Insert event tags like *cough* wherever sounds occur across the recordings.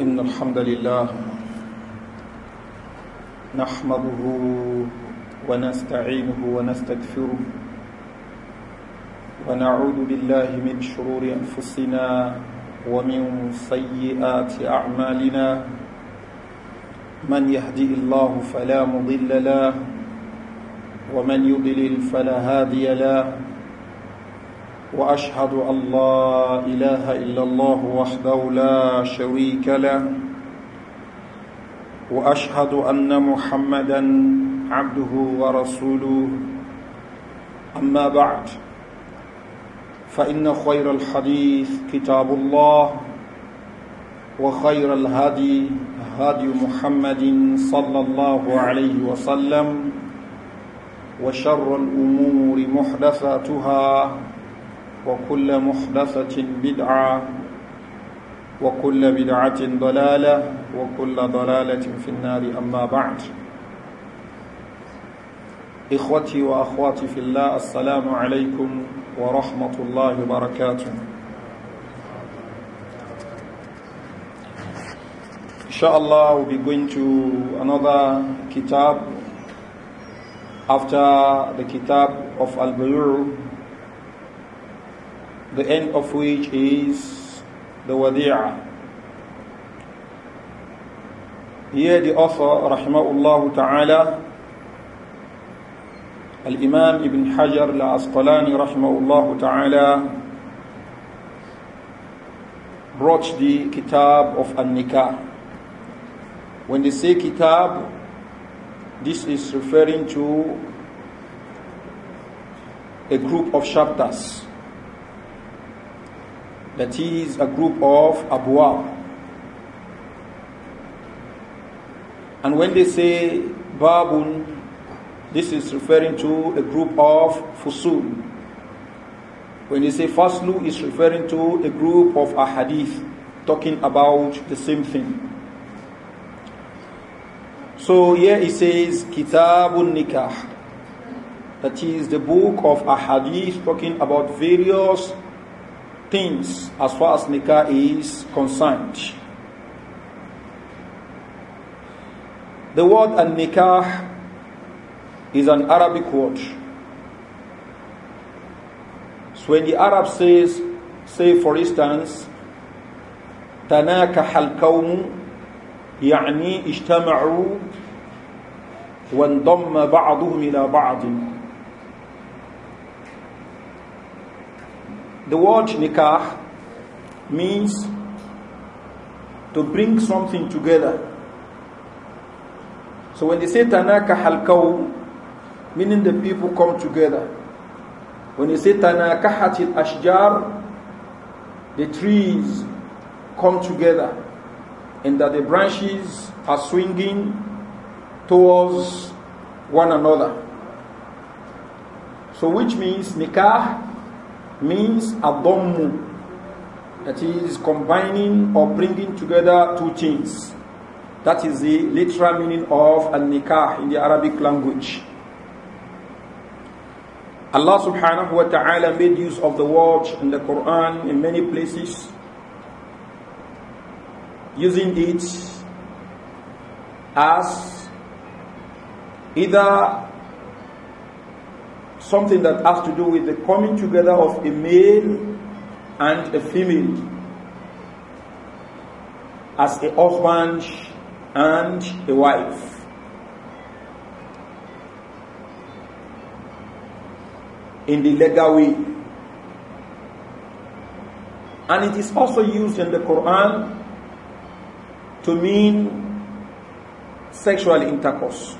إن الحمد لله نحمده ونستعينه ونستغفره ونعوذ بالله من شرور أنفسنا ومن سيئات أعمالنا من يهدي الله فلا مضل له ومن يضلل فلا هادي له واشهد ان لا اله الا الله وحده لا شريك له واشهد ان محمدا عبده ورسوله اما بعد فان خير الحديث كتاب الله وخير الهدي هدي محمد صلى الله عليه وسلم وشر الامور محدثاتها وكل محدثة بدعة وكل بدعة ضلالة وكل ضلالة في النار أما بعد إخوتي وأخواتي في الله السلام عليكم ورحمة الله وبركاته Inshallah, we'll be going to another kitab after the kitab of al bayur the end of which is the Wadi'ah. Here the author, rahimahullah ta'ala, Al-Imam Ibn Hajar al-Asqalani, rahimahullah ta'ala, brought the kitab of An-Nikah. When they say kitab, this is referring to a group of chapters that is a group of abwab. And when they say babun, this is referring to a group of fusul. When they say faslu, it's referring to a group of ahadith talking about the same thing. So here it says kitabun nikah, that is the book of ahadith talking about various things as far as nikah is concerned. The word an nikah is an Arabic word. So when the Arab says, say for instance, تناكح القوم يعني اجتمعوا وانضم بعضهم إلى بعض The word nikah means to bring something together. So when they say tanaka halkaw, meaning the people come together. When they say tanakahatil ashjar, the trees come together and that the branches are swinging towards one another. So which means nikah means adammu, that is combining or bringing together two things. That is the literal meaning of al-nikah in the Arabic language. Allah subhanahu wa ta'ala made use of the word in the Quran in many places, using it as either something that has to do with the coming together of a male and a female as a husband and a wife. In the legal way. And it is also used in the Quran to mean sexual intercourse.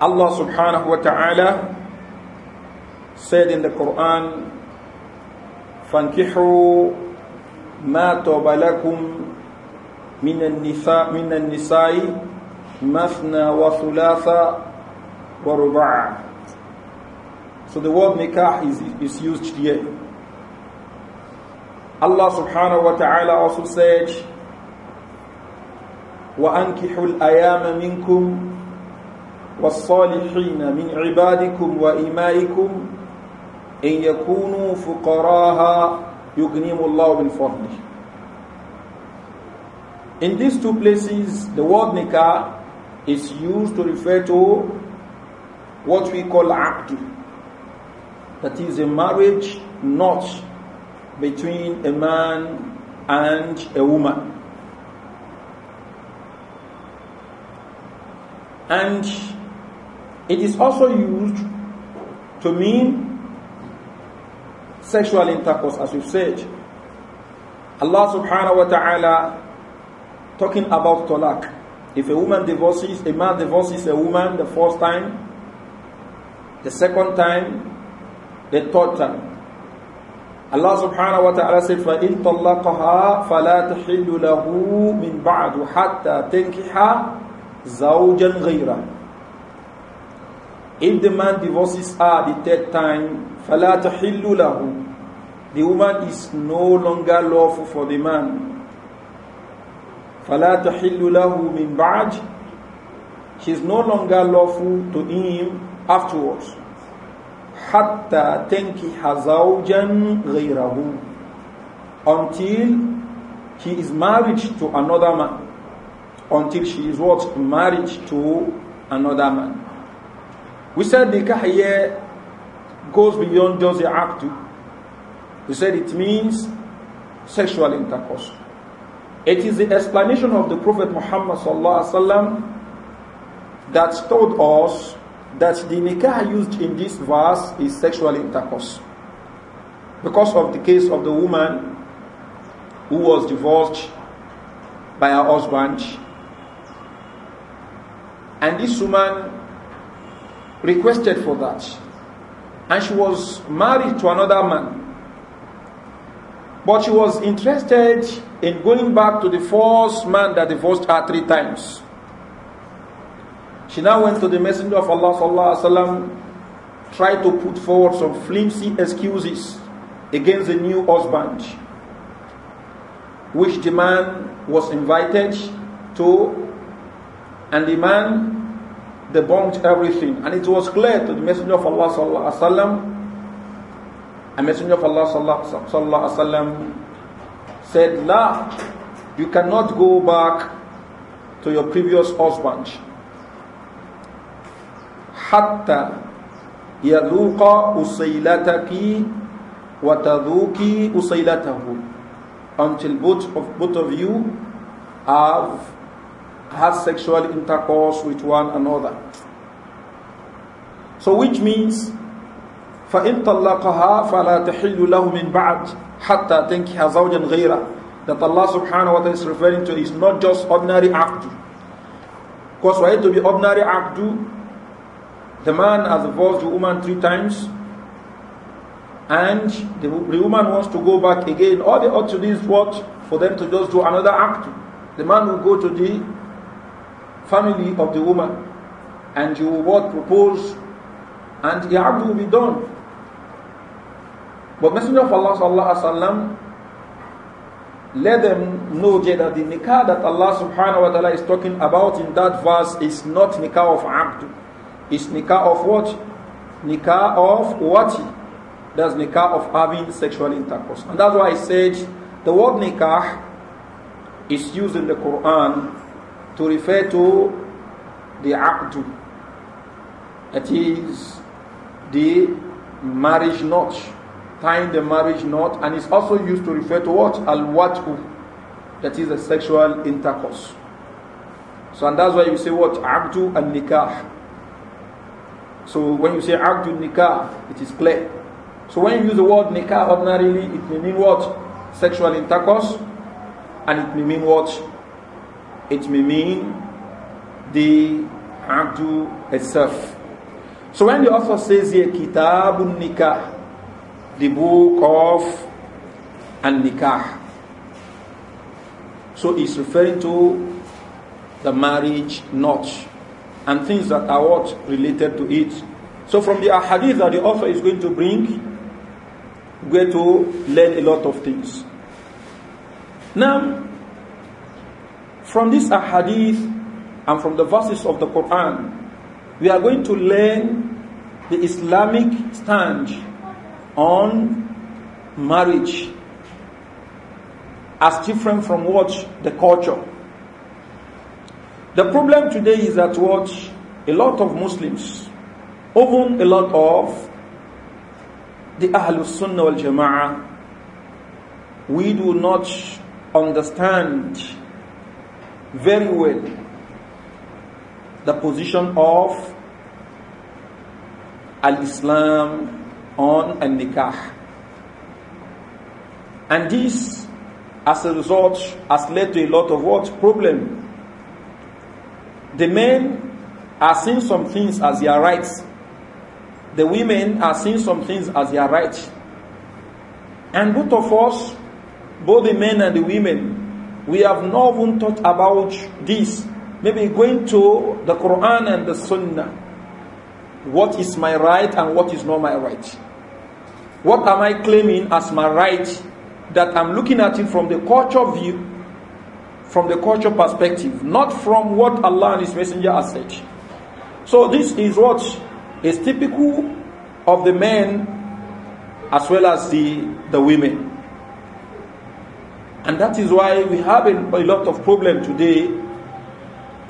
Allah subhanahu wa ta'ala said in the Quran, فانكحوا ما طاب لكم من النساء مثنى وثلاث ورباع So the word nikah is, is used here. Allah subhanahu wa ta'ala also said, وَأَنْكِحُوا الْأَيَامَ مِنْكُمْ والصالحين من عبادكم وإمائكم إن يكونوا فقراها يغنيهم الله من فضله In these two places, the word nikah is used to refer to what we call aqd. That is a marriage not between a man and a woman. And it is also used to mean sexual intercourse, as we've said. Allah subhanahu wa ta'ala talking about talaq. If a woman divorces, a man divorces a woman the first time, the second time, the third time. Allah subhanahu wa ta'ala said, فَإِن طَلَّقَهَا فَلَا تَحِلُّ لَهُ مِن بَعْدُ حَتَّى تَنْكِحَ زَوْجًا غَيْرَهُ if the man divorces her the third time, فَلَا تَحِلُّ لَهُ The woman is no longer lawful for the man. فَلَا تَحِلُّ لَهُ مِنْ She is no longer lawful to him afterwards. حَتَّى تَنْكِحَ زَوْجًا غَيْرَهُ Until she is married to another man. Until she is what? Married to another man. We said nikah here goes beyond just the act. We said it means sexual intercourse. It is the explanation of the Prophet Muhammad that told us that the nikah used in this verse is sexual intercourse. Because of the case of the woman who was divorced by her husband. And this woman requested for that. And she was married to another man. But she was interested in going back to the first man that divorced her three times. She now went to the Messenger of Allah sallallahu alaihi wasallam, tried to put forward some flimsy excuses against the new husband, which the man was invited to, and the man they bombed everything. And it was clear to the Messenger of Allah sallallahu alaihi wasallam. A Messenger of Allah sallallahu alaihi wasallam said, "La, you cannot go back to your previous husband. Hatta yaduqa usailataki wa taduki usailatahu." Until both of both of you have have sexual intercourse with one another. So which means فَإِن طَلَّقَهَا فَلَا تَحِلُّ لَهُ مِن بَعْدِ حَتَّى تَنْكِهَا زَوْجًا غَيْرًا. That Allah subhanahu wa ta'ala is referring to is not just ordinary aqdu. Because for it to be ordinary aqdu, the man has divorced the woman three times and the, the, woman wants to go back again. All they ought to do is what? For them to just do another act. The man will go to the family of the woman and you what propose and ya'abdu will be done. But Messenger of Allah sallallahu alaihi wasallam let them know that the nikah that Allah subhanahu wa ta'ala is talking about in that verse is not nikah of abd, It's nikah of what? Nikah of what? That's nikah of having sexual intercourse. And that's why I said the word nikah is used in the Quran to refer to the abdu, that is the marriage knot, tying the marriage knot, and it's also used to refer to what? Al watu, that is a sexual intercourse. So, and that's why you say what? Abdu and nikah. So, when you say abdu nikah, it is clear. So, when you use the word nikah ordinarily, it may mean what? Sexual intercourse, and it may mean what? it may mean the Abdu itself. So when the author says here, Kitabun Nikah, the book of An Nikah, so it's referring to the marriage knot and things that are what related to it. So from the hadith that the author is going to bring, we're going to learn a lot of things. Now, From this ahadith and from the verses of the Quran, we are going to learn the Islamic stand on marriage as different from what the culture. The problem today is that what a lot of Muslims, even a lot of the Ahlul Sunnah wal Jama'ah, we do not understand very well the position of Al Islam on Al Nikah. And this, as a result, has led to a lot of what? Problem. The men are seeing some things as their rights. The women are seeing some things as their rights. And both of us, both the men and the women, we have not even thought about this. Maybe going to the Quran and the Sunnah. What is my right and what is not my right? What am I claiming as my right that I'm looking at it from the culture view, from the culture perspective, not from what Allah and His Messenger has said. So this is what is typical of the men as well as the, the women. And that is why we have a, a lot of problem today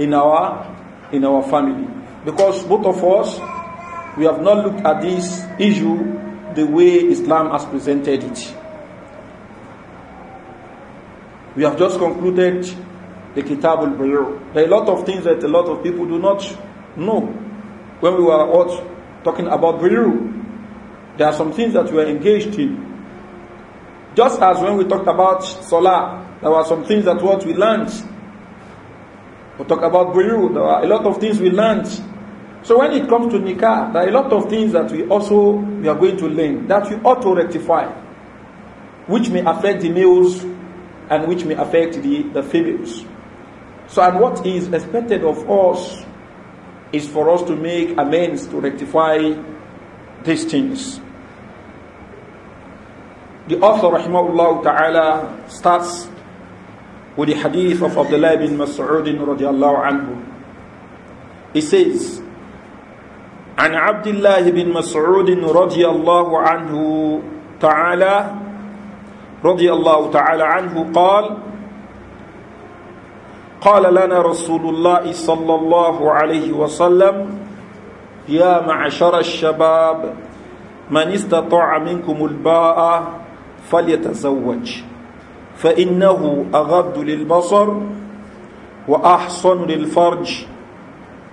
in our in our family. Because both of us we have not looked at this issue the way Islam has presented it. We have just concluded the Kitab al There are a lot of things that a lot of people do not know. When we were out talking about Balur, there are some things that we are engaged in. Just as when we talked about Salah, there were some things that what we learned. We talk about Buru, there are a lot of things we learned. So when it comes to Nikah, there are a lot of things that we also we are going to learn that we ought to rectify, which may affect the males and which may affect the, the females. So and what is expected of us is for us to make amends to rectify these things. The author, rahimahullah ta'ala, starts with the hadith of Abdullah bin Mas'ud radiallahu anhu. He says, عن عبد الله بن مسعود رضي الله عنه تعالى رضي الله تعالى عنه قال قال لنا رسول الله صلى الله عليه وسلم يا معشر الشباب من استطاع منكم الباء فليتزوج فإنه أغض للبصر وأحصن للفرج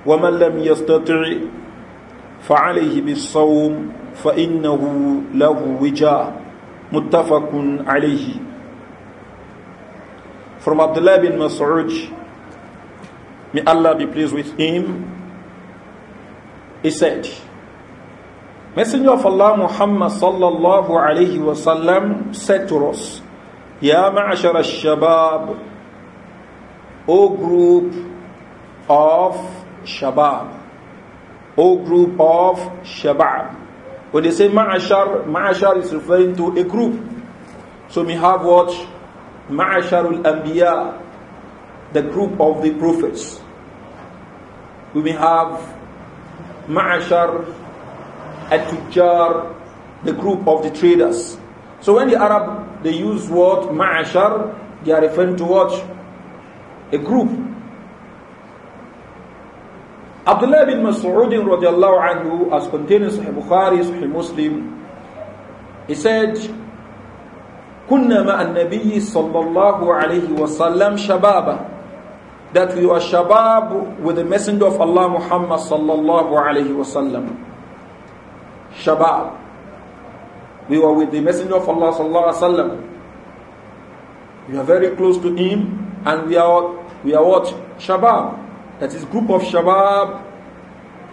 ومن لم يستطع فعليه بالصوم فإنه له وجاء متفق عليه From Abdullah bin Mas'ud May Allah be pleased with him He said Messenger of Allah Muhammad sallallahu alayhi wasallam said to us, Ya ma'ashar al-shabab, O group of shabab, O group of shabab. When they say ma'ashar, ma'ashar is referring to a group. So we have what? Ma'ashar al Anbiya, the group of the prophets. We may have Ma'ashar al to jar the group of the traders. So when the Arab, they use word Ma'ashar, they are referring to what? A group. Abdullah bin Mas'ud radiallahu anhu, as contained in Bukhari, Sahih Muslim, he said, كنا مع النبي صلى الله عليه وسلم شبابا that we were shabab with the messenger of Allah Muhammad sallallahu alayhi wasallam Shabab. We were with the Messenger of Allah sallallahu alaihi wasallam. We are very close to him, and we are we are what Shabab. That is group of Shabab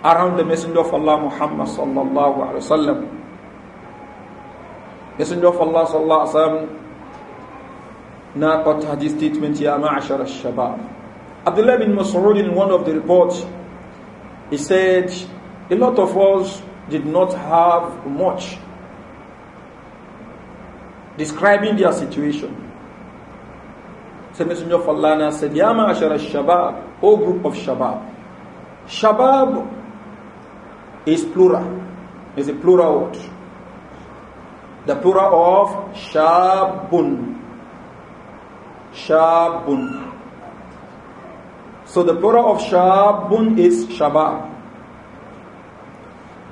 around the Messenger of Allah Muhammad sallallahu alaihi wasallam. Messenger of Allah sallallahu alaihi wasallam now put this statement, Ya ma'ashar al-shabab. Abdullah bin Mas'ud in one of the reports, he said, a lot of us did not have much describing their situation. So Messenger of Allah said, Ya ma'ashara shabab, O group of shabab. Shabab is plural, is a plural word. The plural of shabun. Shabun. So the plural of shabun is shabab.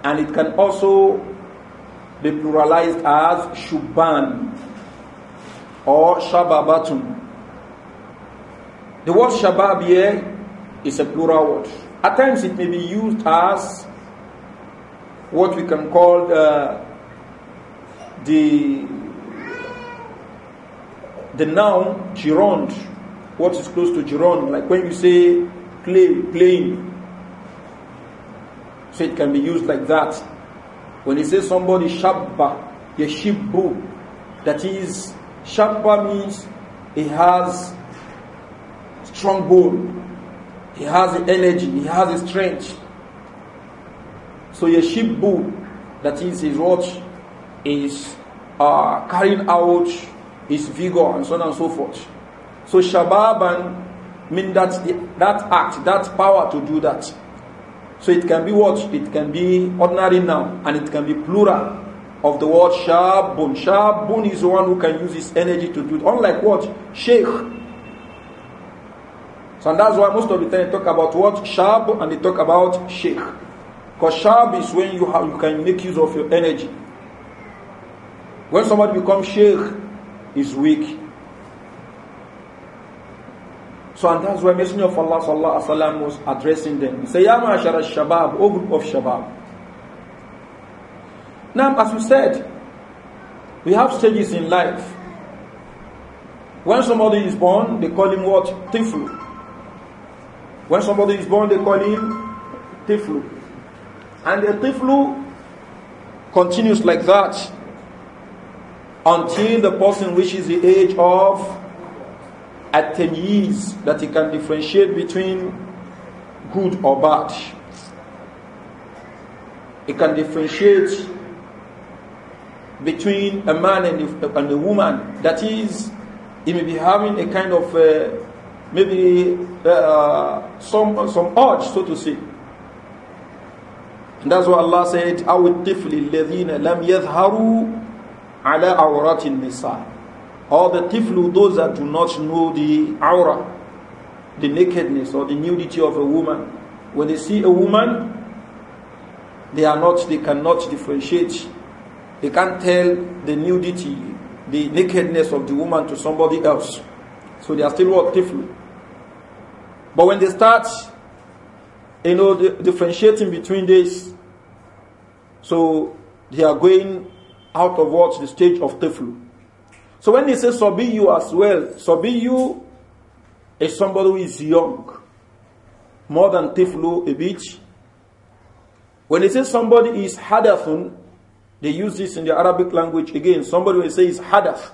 And it can also be pluralized as Shuban or Shababatun. The word Shabab here is a plural word. At times it may be used as what we can call the, uh, the, the noun gerund, what is close to gerund, like when you say play, playing, so it can be used like that. When he says somebody shabba, bull, that is, shabba means he has strong bone, he has energy, he has strength. So yashibbu, that is his watch, is uh, carrying out his vigor and so on and so forth. So shababan means that, that act, that power to do that. So it can be what? It can be ordinary noun and it can be plural of the word shabun. Shabun is the one who can use his energy to do it. Unlike what? Sheikh. So and that's why most of the time they talk about what? Shab and they talk about sheikh. Because shab is when you, have, you can make use of your energy. When somebody becomes sheikh, is weak. So and that's why Messenger of Allah sallallahu alaihi wasallam was addressing them. He said, Ya ma'ashara shabab, O group of shabab. Now, as we said, we have stages in life. When somebody is born, they call him what? Tiflu. When somebody is born, they call him Tiflu. And the Tiflu continues like that until the person reaches the age of at years, that he can differentiate between good or bad. He can differentiate between a man and a, and a woman. That is, he may be having a kind of uh, maybe uh, some some urge, so to say. And that's what Allah said, أَوِ الطِّفْلِ الَّذِينَ lam يَظْهَرُوا عَلَىٰ عَوْرَاتِ النِّسَاءِ or the tiflu, those that do not know the aura, the nakedness or the nudity of a woman. When they see a woman, they are not, they cannot differentiate. They can't tell the nudity, the nakedness of the woman to somebody else. So they are still what tiflu. But when they start, you know, differentiating between this, so they are going out of what the stage of tiflu. So when they say you" as well, you" is somebody who is young, more than Tiflu, a bitch. When they say somebody is Hadathun, they use this in the Arabic language again. Somebody will say is Hadath,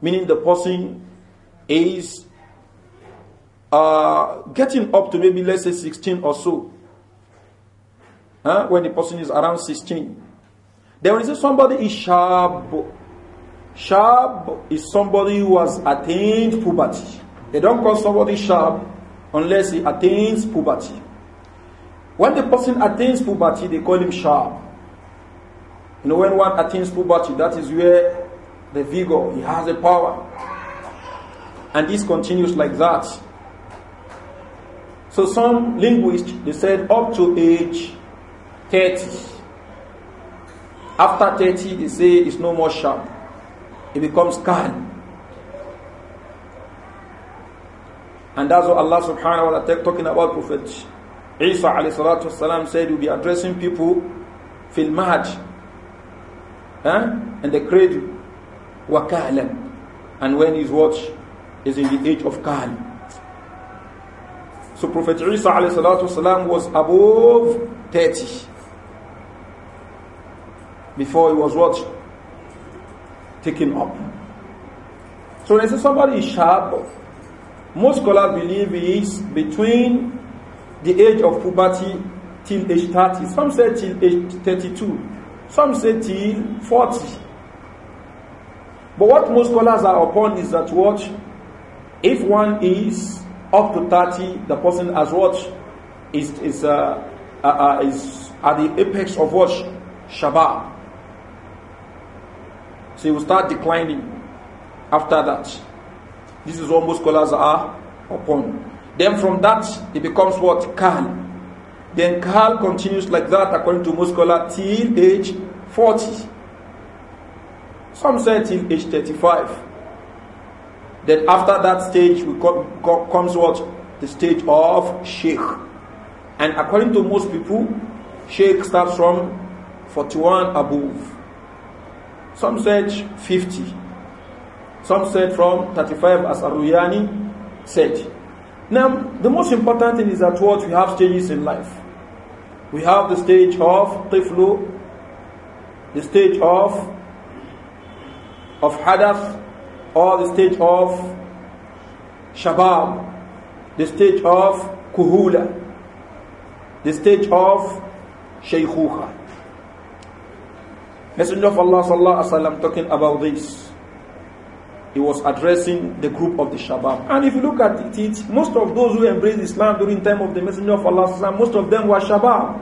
meaning the person is uh, getting up to maybe let's say 16 or so. Huh? When the person is around 16. Then when they say somebody is sharp, Shab is somebody who has attained puberty. They don't call somebody Shab unless he attains puberty. When the person attains puberty, they call him Shab. You know, when one attains puberty, that is where the vigor, he has the power. And this continues like that. So some linguists, they said up to age 30. After 30, they say it's no more sharp. It becomes Kahan. And that's what Allah subhanahu wa ta'ala talking about Prophet Isa alayhi salatu wasalam said he will be addressing people fil mahaj and eh, the cradle wa kahlan and when his watch is in the age of kahl. So Prophet Isa alayhi salatu wasalam was above 30 before he was watched taken up. So they say somebody is sharp. Most scholars believe he is between the age of puberty till age 30. Some say till age 32. Some say till 40. But what most scholars are upon is that what if one is up to 30, the person has what is is uh, uh, uh, is at the apex of what shabbat. So will start declining after that. This is what most scholars are upon. Then from that, it becomes what? Kal. Then Kal continues like that, according to most scholars, till age 40. Some say till age 35. Then after that stage, we co co comes what? The stage of Sheikh. And according to most people, Sheikh starts from 41 above. Some said 50. Some said from 35 as Aruyani said. Now, the most important thing is that what we have stages in life. We have the stage of Tiflu, the stage of of Hadath, or the stage of Shabab, the stage of Kuhula, the stage of Shaykhuha. Messenger of Allah sallallahu alaihi wasallam talking about this. He was addressing the group of the Shabab. And if you look at it, it most of those who embraced Islam during time of the Messenger of Allah, sallam, most of them were Shabab.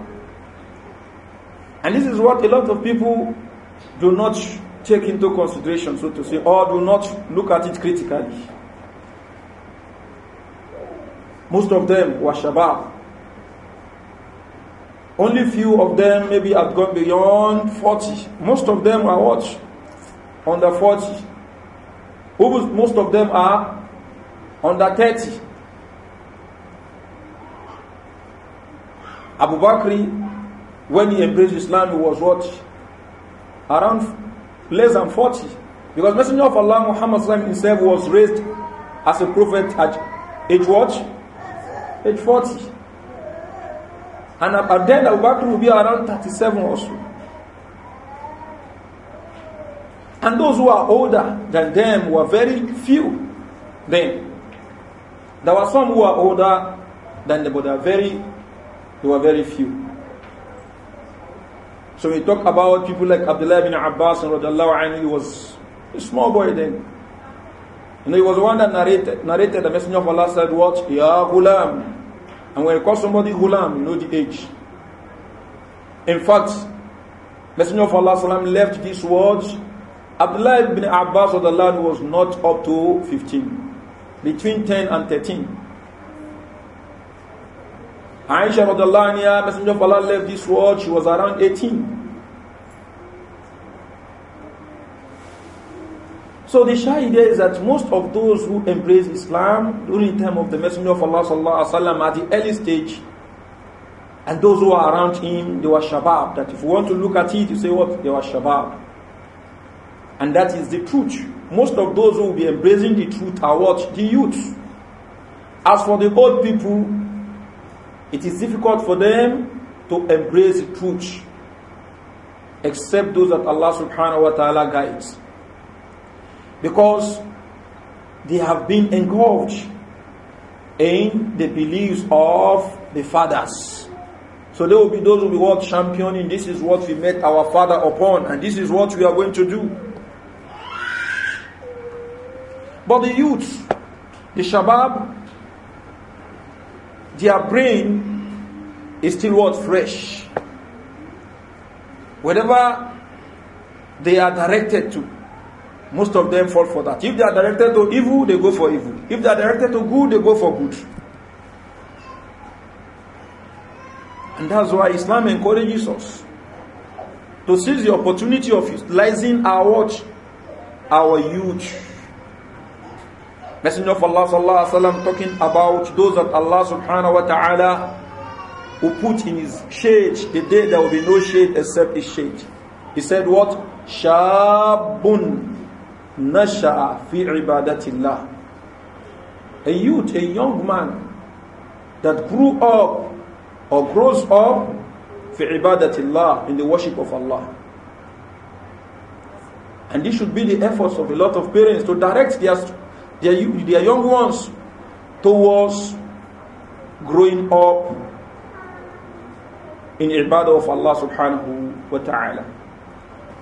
And this is what a lot of people do not take into consideration, so to say, or do not look at it critically. Most of them were Shabab. Only few of them maybe have gone beyond 40. Most of them are what? Under 40. Most of them are under 30. Abu Bakr, when he embraced Islam, he was what? Around less than 40. Because Messenger of Allah Muhammad himself was raised as a prophet at age what? Age 40. And about then, Abu Bakr will be around 37 or so. And those who are older than them were very few then. There were some who were older than them, but they were very, they were very few. So we talk about people like Abdullah bin Abbas and anhu, he was a small boy then. And he was the one that narrated, narrated the Messenger of Allah said, Watch, Ya Ghulam, And when you call somebody Ghulam, you know the age. In fact, Messenger of Allah salam, left these words. Abdullah ibn Abbas of the land was not up to 15, between 10 and 13. Aisha of the land, Messenger of Allah left this world, she was around 18. So the shy idea is that most of those who embrace Islam during the time of the Messenger of Allah sallallahu alaihi wasallam at the early stage, and those who are around him, they were shabab. That if you want to look at it, you say what they were shabab, and that is the truth. Most of those who will be embracing the truth are what the youth. As for the old people, it is difficult for them to embrace the truth, except those that Allah subhanahu wa taala guides because they have been engulfed in the beliefs of the fathers. So there will be those who will be what championing. This is what we met our father upon, and this is what we are going to do. But the youth, the shabab, their brain is still what fresh. Whatever they are directed to, most of them fall for that. If they are directed to evil, they go for evil. If they are directed to good, they go for good. And that's why Islam encourages us to seize the opportunity of utilizing our watch, our youth. Messenger of Allah sallallahu alaihi wasallam talking about those that Allah subhanahu wa ta'ala who put in his shade the day there will be no shade except his shade. He said what? Shabun nasha'a fi ibadatillah. A youth, a young man that grew up or grows up fi ibadatillah in the worship of Allah. And this should be the efforts of a lot of parents to direct their, their, their young ones towards growing up in ibadah of Allah subhanahu wa ta'ala.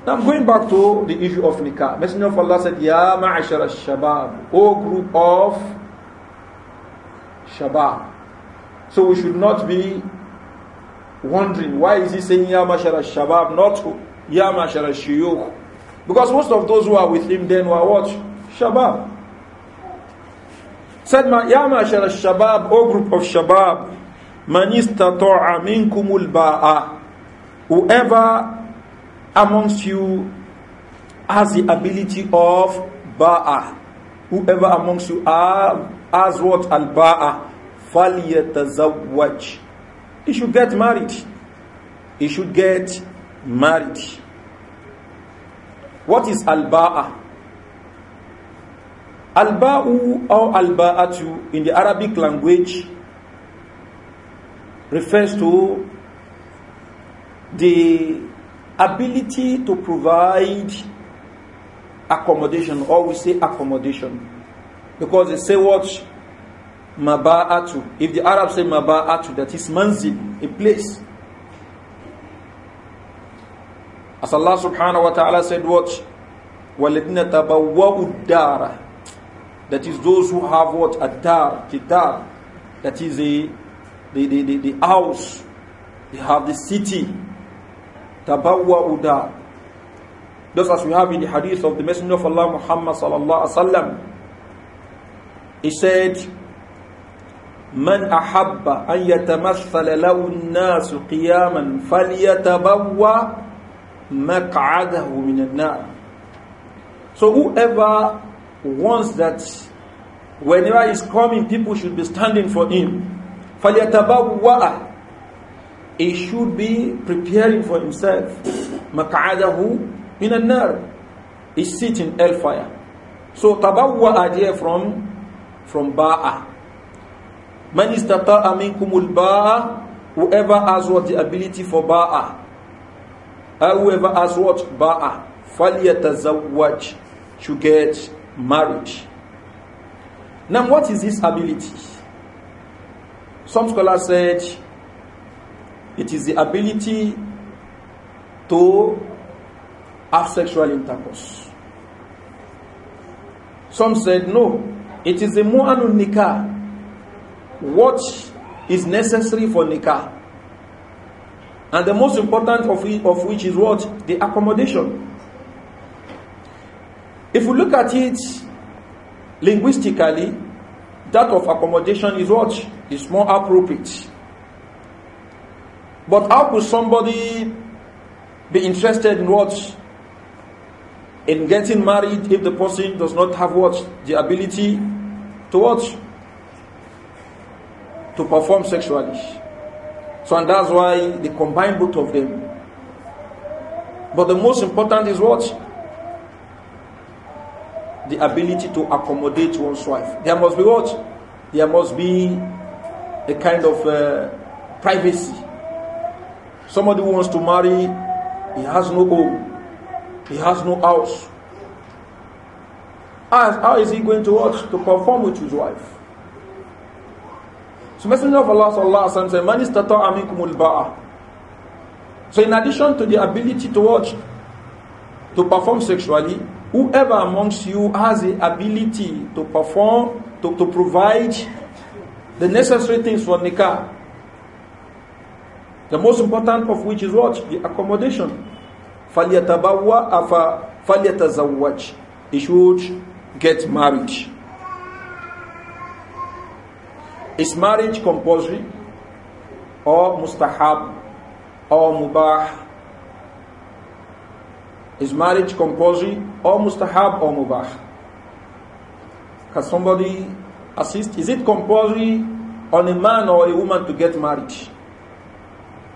Now I'm going back to the issue of nikah. Messenger of Allah said, Ya ma'ashara shabab, O group of shabab. So we should not be wondering why is he saying Ya ma'ashara shabab, not Ya ma'ashara shiyukh. Because most of those who are with him then were what? Shabab. Said Ya ma'ashara shabab, O group of shabab, man istata'a minkumul ba'a. Whoever amongst you has the ability of ba'a. Whoever amongst you are, has what? Al ba'a. Falyatazawwaj. He should get married. He should get married. What is al ba'a? Al ba'u or al ba'atu in the Arabic language refers to the ability to provide accommodation, or we say accommodation. Because they say what? Maba'atu. If the Arabs say Maba'atu, that is manzil, a place. As Allah subhanahu wa ta'ala said, what? وَالَّذِينَ تَبَوَّأُ الدَّارَ That is those who have what? Adar, kitar. That is the, the, the, the, the house. They have the city. tabawwa'u dar. Just as we have in the hadith of the Messenger of Allah Muhammad sallallahu alaihi wasallam, he said, "Man ahabba an yatamaththala lahu an-nas qiyaman falyatabawwa maq'adahu min So whoever wants that whenever he's coming people should be standing for him, falyatabawwa he should be preparing for himself Maqadahu min مِنَ nar His seat in hellfire. So tabawwa there from from ba'a. Man istata'a minkumul ba'a whoever has what the ability for ba'a uh, whoever has what ba'a falyatazawwaj should get married. Now what is this ability? Some scholars said It is the ability to have sexual intercourse. Some said no. It is the mu'anun nikah. What is necessary for nikah? And the most important of, it, of which is what? The accommodation. If we look at it linguistically, that of accommodation is what is more appropriate but how could somebody be interested in what? In getting married if the person does not have what? The ability to what? To perform sexually. So and that's why they combine both of them. But the most important is what? The ability to accommodate one's wife. There must be what? There must be a kind of uh, privacy Somebody wants to marry, he has no home, he has no house. As, how is he going to watch To perform with his wife. So Messenger of Allah sallallahu alaihi wasallam said, So in addition to the ability to watch, to perform sexually, whoever amongst you has the ability to perform, to, to provide the necessary things for nikah, the most important of which is what? The accommodation. فَلْيَتَبَوَّ أَفَا فَلْيَتَزَوَّجْ He should get married. Is marriage compulsory? Or mustahab? Or mubah? Is marriage compulsory? Or mustahab or mubah? Can somebody assist? Is it compulsory on a man or a woman to get married?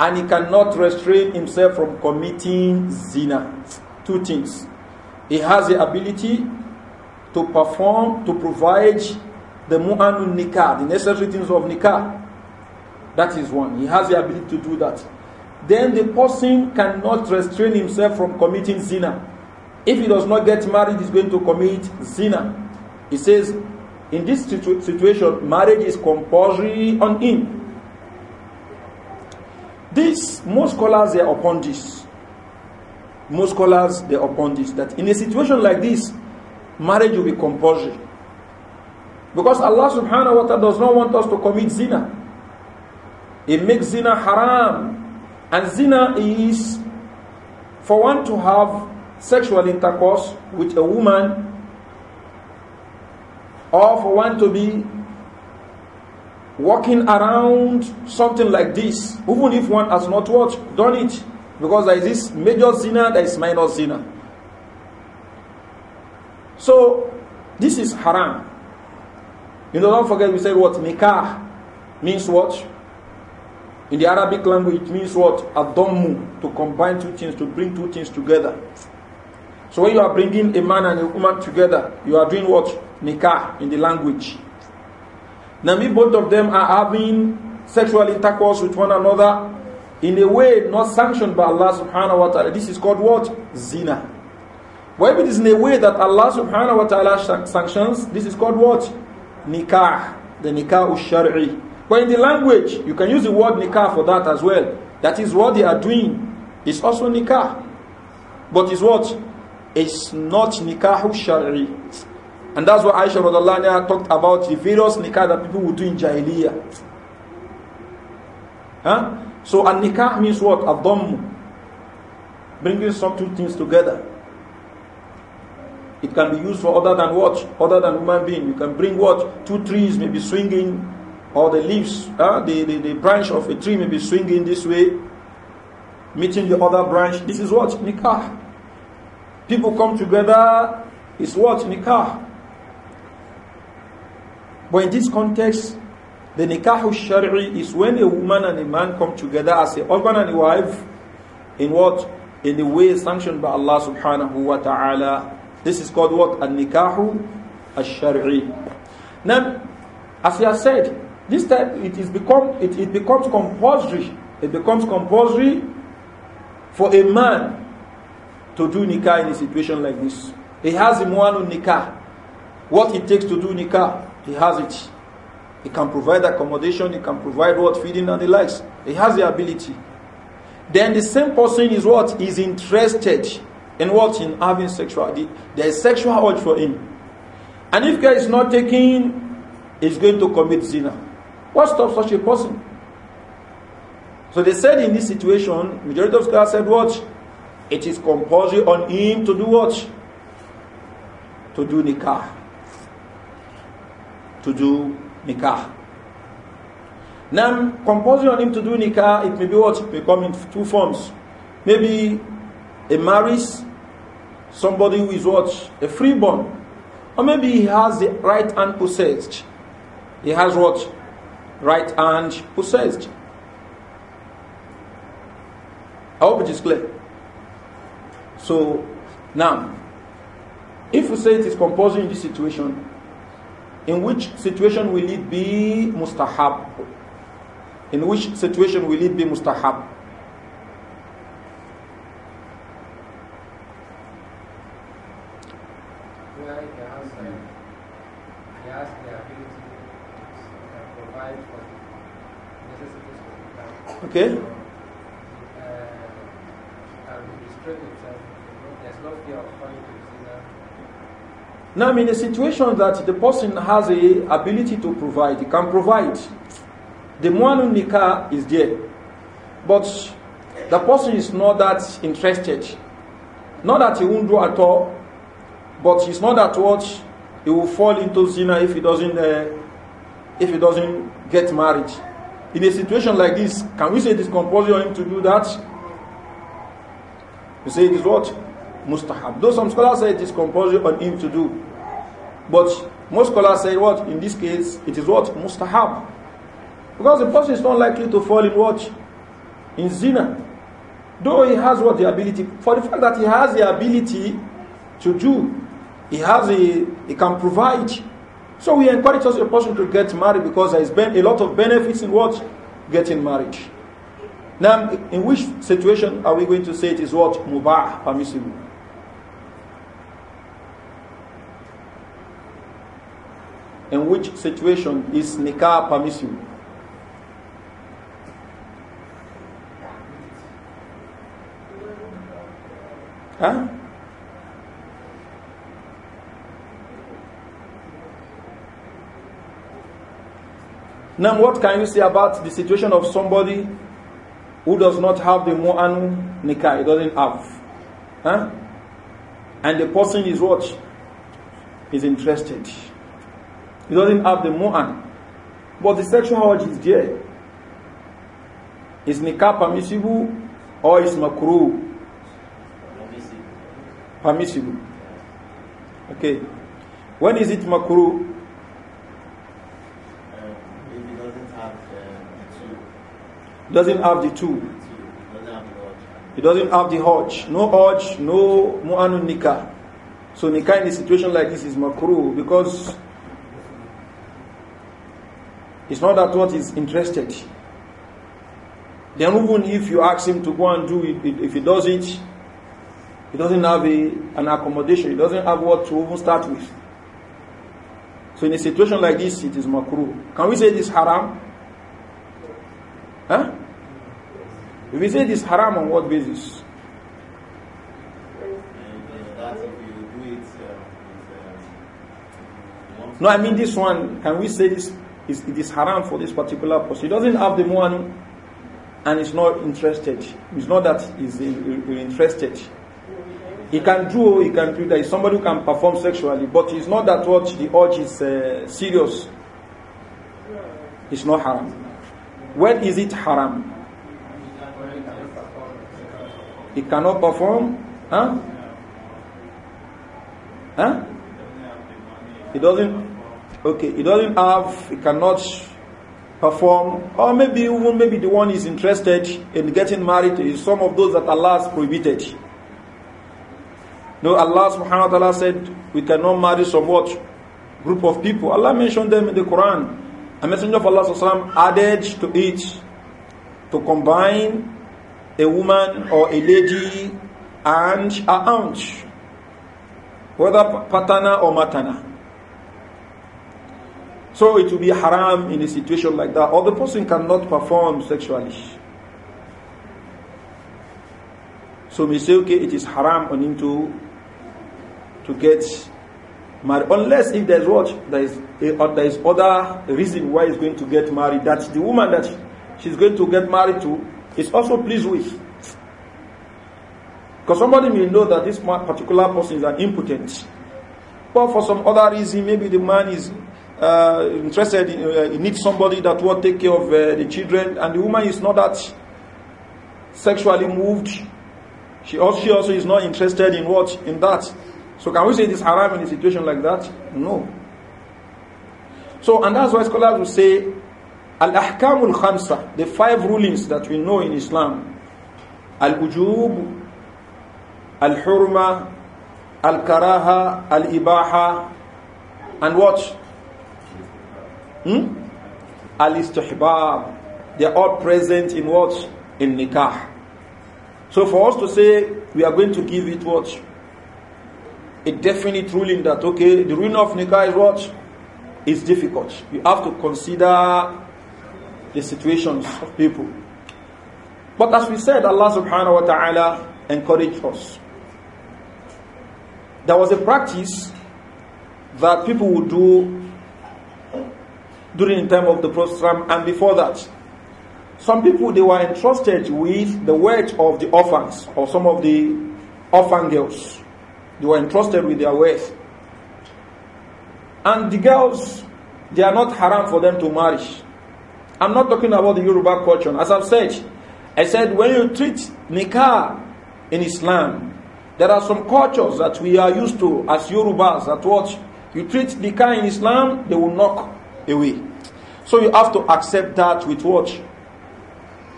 and he cannot restrain himself from committing zina. Two things. He has the ability to perform, to provide the mu'anun nikah, the necessary things of nikah. That is one. He has the ability to do that. Then the person cannot restrain himself from committing zina. If he does not get married, he's going to commit zina. He says, in this situ situation, marriage is compulsory on him. This, most scholars, they are upon this. Most scholars, they are upon this. That in a situation like this, marriage will be compulsory. Because Allah subhanahu wa ta'ala does not want us to commit zina. He makes zina haram. And zina is for one to have sexual intercourse with a woman or for one to be walking around something like this, even if one has not watched, done it, because there is this major sinner, there is minor sinner. So, this is haram. You know, don't forget we said what nikah means what? In the Arabic language, it means what? Adamu, to combine two things, to bring two things together. So when you are bringing a man and a woman together, you are doing what? Nikah in the language. Now, if both of them are having sexual intercourse with one another in a way not sanctioned by Allah subhanahu wa ta'ala, this is called what? Zina. Where if it is in a way that Allah subhanahu wa ta'ala sanctions, this is called what? Nikah. The nikah shari. But in the language, you can use the word nikah for that as well. That is what they are doing. It's also nikah. But it's what? It's not nikah shari. And that's why Aisha Radallahu talked about the various nikah that people would do in Jahiliyyah. Huh? So a nikah means what? A dhamm. Bringing some two things together. It can be used for other than what? Other than human being. You can bring what? Two trees may be swinging, or the leaves, huh? the, the, the branch of a tree may be swinging this way, meeting the other branch. This is what? Nikah. People come together, it's what? Nikah. But in this context, the nikah shari is when a woman and a man come together as a husband and a wife in what? In the way sanctioned by Allah subhanahu wa ta'ala. This is called what? An nikah shari. Now, as I have said, this time it is become it, it becomes compulsory. It becomes compulsory for a man to do nikah in a situation like this. He has him one nikah. What it takes to do nikah he has it. He can provide accommodation, he can provide what feeding and the likes. He has the ability. Then the same person is what is interested in what in having sexual. There is sexual urge for him, and if guy is not taking, he's going to commit zina. What stops such a person? So they said in this situation, majority of scholars said what? It is compulsory on him to do what? To do nikah to do nikah. Now, composing on him to do nikah, it may be what? become in two forms. Maybe he marries somebody who is what? A freeborn. Or maybe he has the right hand possessed. He has what? Right hand possessed. I hope it is clear. So, now, if we say it is composing in this situation, in which situation will it be mustahab? In which situation will it be mustahab? Okay. Now, I'm in a situation that the person has a ability to provide, he can provide. The mu'anun nikah is there. But the person is not that interested. Not that he won't do at all, but he's not that what he will fall into zina if he doesn't uh, if he doesn't get married. In a situation like this, can we say it is compulsory on him to do that? You say it is what? Mustahab. Though some scholars say it is compulsory on him to do. But most scholars say what? In this case, it is what? Mustahab. Because the person is not likely to fall in what? In zina. Though he has what? The ability. For the fact that he has the ability to do, he has a, he can provide. So we encourage us a person to get married because there is been a lot of benefits in what? Getting married. Now, in which situation are we going to say it is what? Mubah, permissible. in which situation is nikah permissible? Huh? Now, what can you say about the situation of somebody who does not have the mu'an nikah? He doesn't have. Huh? And the person is what? Is interested. He doesn't have the mu'an. But the sexual urge is there. Is nikah permissible or is makruh? Permissible. Permissible. Okay. When is it makruh? Um, um doesn't have the two. Doesn't have the two. It doesn't have the hodge. No hodge. no mu'anun nikah. So nikah in a situation like this is makruh because it's not that what is interested. Then even if you ask him to go and do it, if he does it, he doesn't have a, an accommodation. He doesn't have what to even start with. So in a situation like this, it is makruh. Can we say this haram? Huh? If we say this haram, on what basis? No, I mean this one. Can we say this it's, it is haram for this particular person. He doesn't have the money and he's not interested. It's not that he's interested. He can do, he can do. There is somebody who can perform sexually, but it's not that what the urge is uh, serious. It's not haram. When is it haram? He cannot perform, huh? Huh? He doesn't okay, he doesn't have, he cannot perform, or maybe even maybe the one is interested in getting married is some of those that Allah has prohibited. No, Allah subhanahu wa ta'ala said we cannot marry some what group of people. Allah mentioned them in the Quran. A messenger of Allah sallam, added to it to combine a woman or a lady and a aunt, whether patana or matana. So it will be haram in a situation like that. Or the person cannot perform sexually. So we say, okay, it is haram on him to, to get married. Unless if there's what? There is, a, or there is other reason why he's going to get married. That the woman that she's going to get married to is also pleased with. Because somebody may know that this particular person is an impotent. But for some other reason, maybe the man is uh, interested in, uh, needs somebody that will take care of uh, the children, and the woman is not that sexually moved. She also, she also is not interested in what in that. So can we say this haram in a situation like that? No. So and that's why scholars will say al ahkamul khamsa, the five rulings that we know in Islam, al ujub, al hurma, al karaha, al ibaha, and what Hmm? Al-istihbab. They are all present in what? In nikah. So for us to say we are going to give it what? A definite ruling that, okay, the ruling of nikah is what? Is difficult. You have to consider the situations of people. But as we said, Allah subhanahu wa ta'ala encouraged us. There was a practice that people would do during the time of the Prophet and before that. Some people they were entrusted with the wealth of the orphans or some of the orphan girls. They were entrusted with their wealth. And the girls, they are not haram for them to marry. I'm not talking about the Yoruba culture. As I've said, I said when you treat nikah in Islam, there are some cultures that we are used to as Yorubas that what you treat nikah in Islam, they will knock away. So you have to accept that with what?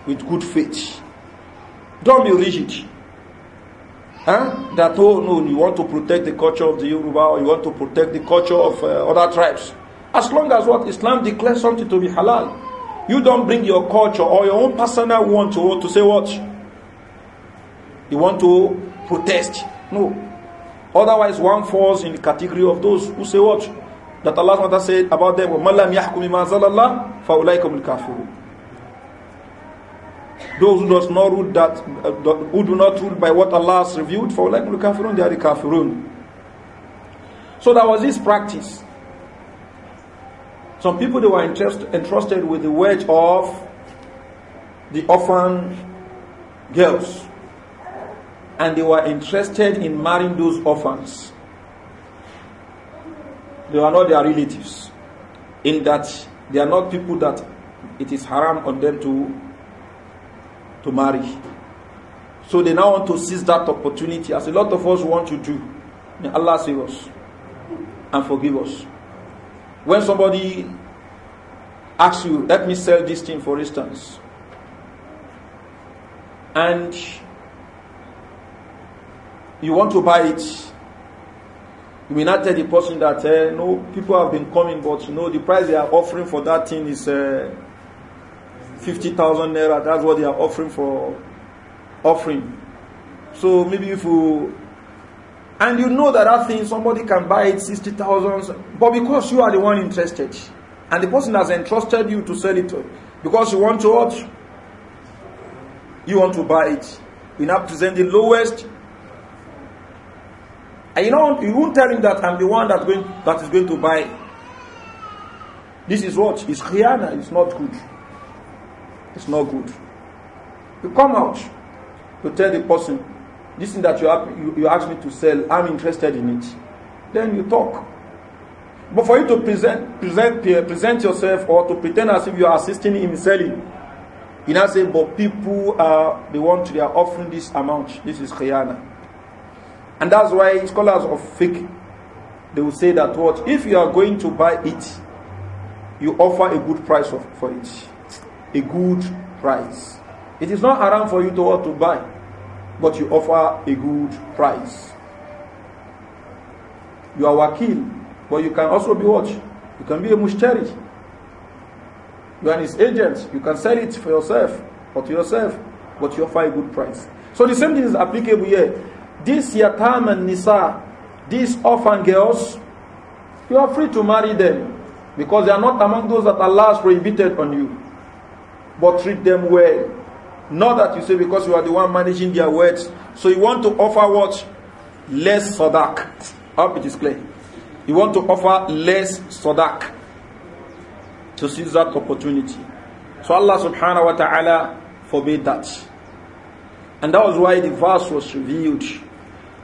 With good faith. Don't be rigid. Huh? That, oh no, you want to protect the culture of the Yoruba or you want to protect the culture of uh, other tribes. As long as what Islam declares something to be halal, you don't bring your culture or your own personal want to, to say what? You want to protest. No. Otherwise, one falls in the category of those who say what? that Allah SWT said about them, وَمَنْ لَمْ يَحْكُمِ مَا زَلَ اللَّهِ فَأُولَيْكُمُ الْكَافِرُونَ Those who, does not rule that, uh, who do not rule by what Allah has revealed, فَأُولَيْكُمُ kafirun They are the kafirun. So there was this practice. Some people, they were interest, entrusted with the wage of the orphan girls. And they were interested in marrying those orphans. they are not their relatives in that they are not people that it is haram on them to to marry so they now want to seize that opportunity as a lot of us want to do may allah save us and forgive us when somebody asks you let me sell this thing for instance and you want to buy it You may not tell the person that, uh, no, people have been coming, but you know, the price they are offering for that thing is uh, thousand naira. That's what they are offering for offering. So maybe if you, and you know that that thing, somebody can buy it sixty 60,000, but because you are the one interested, and the person has entrusted you to sell it, to, because you want to what? You want to buy it. You now present the lowest And you know, you won't tell him that I'm the one that, going, that is going to buy. This is what? is Rihanna. It's not good. It's not good. You come out. You tell the person, this thing that you, have, you, you asked me to sell, I'm interested in it. Then you talk. But for you to present, present, eh, present yourself or to pretend as if you are assisting him selling, you now say, but people are, they want, they are offering this amount. This is Rihanna. And that's why scholars of fiqh, they will say that what if you are going to buy it, you offer a good price of, for it, a good price. It is not haram for you to what to buy, but you offer a good price. You are wakil, but you can also be what? You can be a mushtari. You are his agent. You can sell it for yourself or to yourself, but you offer a good price. So the same thing is applicable here these yatam and nisa, these orphan girls, you are free to marry them because they are not among those that Allah has prohibited on you. But treat them well. Not that you say because you are the one managing their words. So you want to offer what? Less sadak. Hope it is clear. You want to offer less sadak to seize that opportunity. So Allah subhanahu wa ta'ala forbade that. And that was why the verse was revealed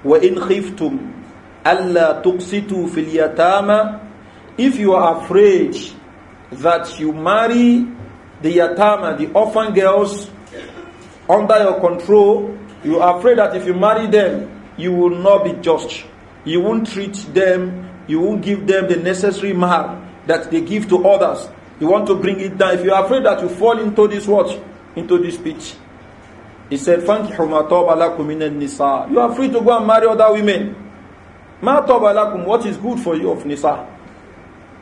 وَإِنْ خِفْتُمْ أَلَّا تُقْسِتُوا فِي الْيَتَامَى If you are afraid that you marry the yatama, the orphan girls, under your control, you are afraid that if you marry them, you will not be just. You won't treat them, you won't give them the necessary mahar that they give to others. You want to bring it down. If you are afraid that you fall into this what? Into this pitch. He said, Fankihu matoba lakum nisa. You are free to go and marry other women. Matoba lakum, what is good for you of nisa?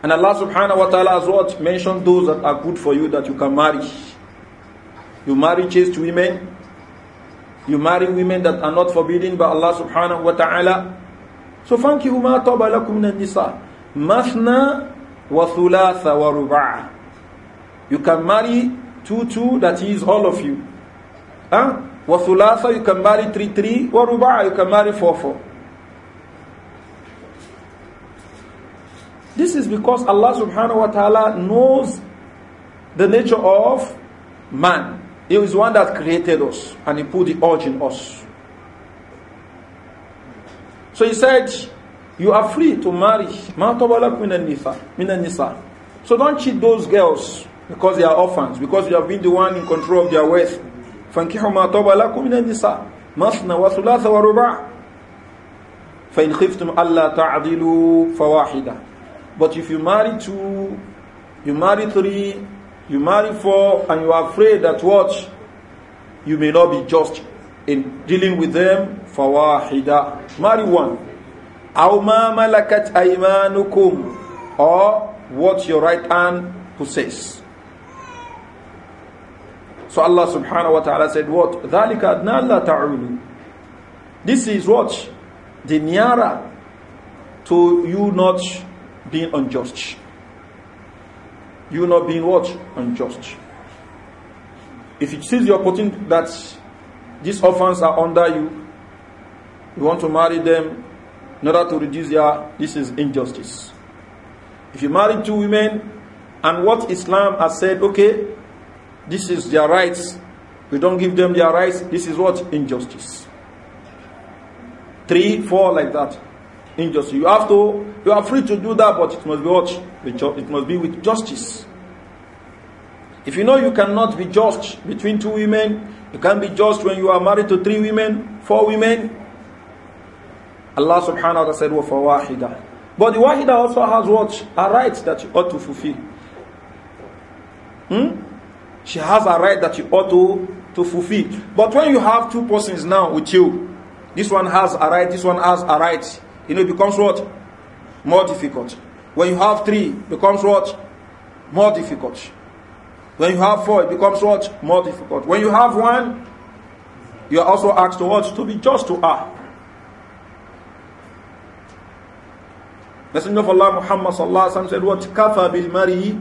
And Allah subhanahu wa ta'ala has what? Mentioned those that are good for you that you can marry. You marry chaste women. You marry women that are not forbidden by Allah subhanahu wa ta'ala. So fankihu matoba lakum nisa. Mathna wa thulatha wa ruba'a. You can marry two, two, that is all of you. Huh? Wasulasa, you can marry 3 3. Waruba, you can marry 4 4. This is because Allah subhanahu wa ta'ala knows the nature of man. He is one that created us and he put the urge in us. So he said, You are free to marry. So don't cheat those girls because they are orphans, because you have been the one in control of their wealth. fankihu ma taba lakum min an-nisa masna wa thulatha wa ruba' fa in but if you marry two you marry three you marry four and you are afraid that what you may not be just in dealing with them fawahida marry one aw ma malakat aymanukum or what your right hand possess So Allah subhanahu wa ta'ala said, What? ذَلِكَ أَدْنَا لَا تَعُولُ This is what? The nearer to you not being unjust. You not being what? Unjust. If it sees the opportunity that these orphans are under you, you want to marry them in order to reduce their, this is injustice. If you marry two women, and what Islam has said, okay, this is their rights. We don't give them their rights. This is what? Injustice. Three, four, like that. Injustice. You have to, you are free to do that, but it must be what? It must be with justice. If you know you cannot be just between two women, you can't be just when you are married to three women, four women. Allah subhanahu wa ta'ala said, وَفَوَاحِدَةً But the wahida also has what? A right that you ought to fulfill. Hmm? she has a right that you ought to, to fulfill. But when you have two persons now with you, this one has a right, this one has a right, you know, it becomes what? More difficult. When you have three, it becomes what? More difficult. When you have four, it becomes what? More difficult. When you have one, you are also asked to what? To be just to her. Messenger of Allah Muhammad sallallahu alaihi wasallam said what? Kafa bil mari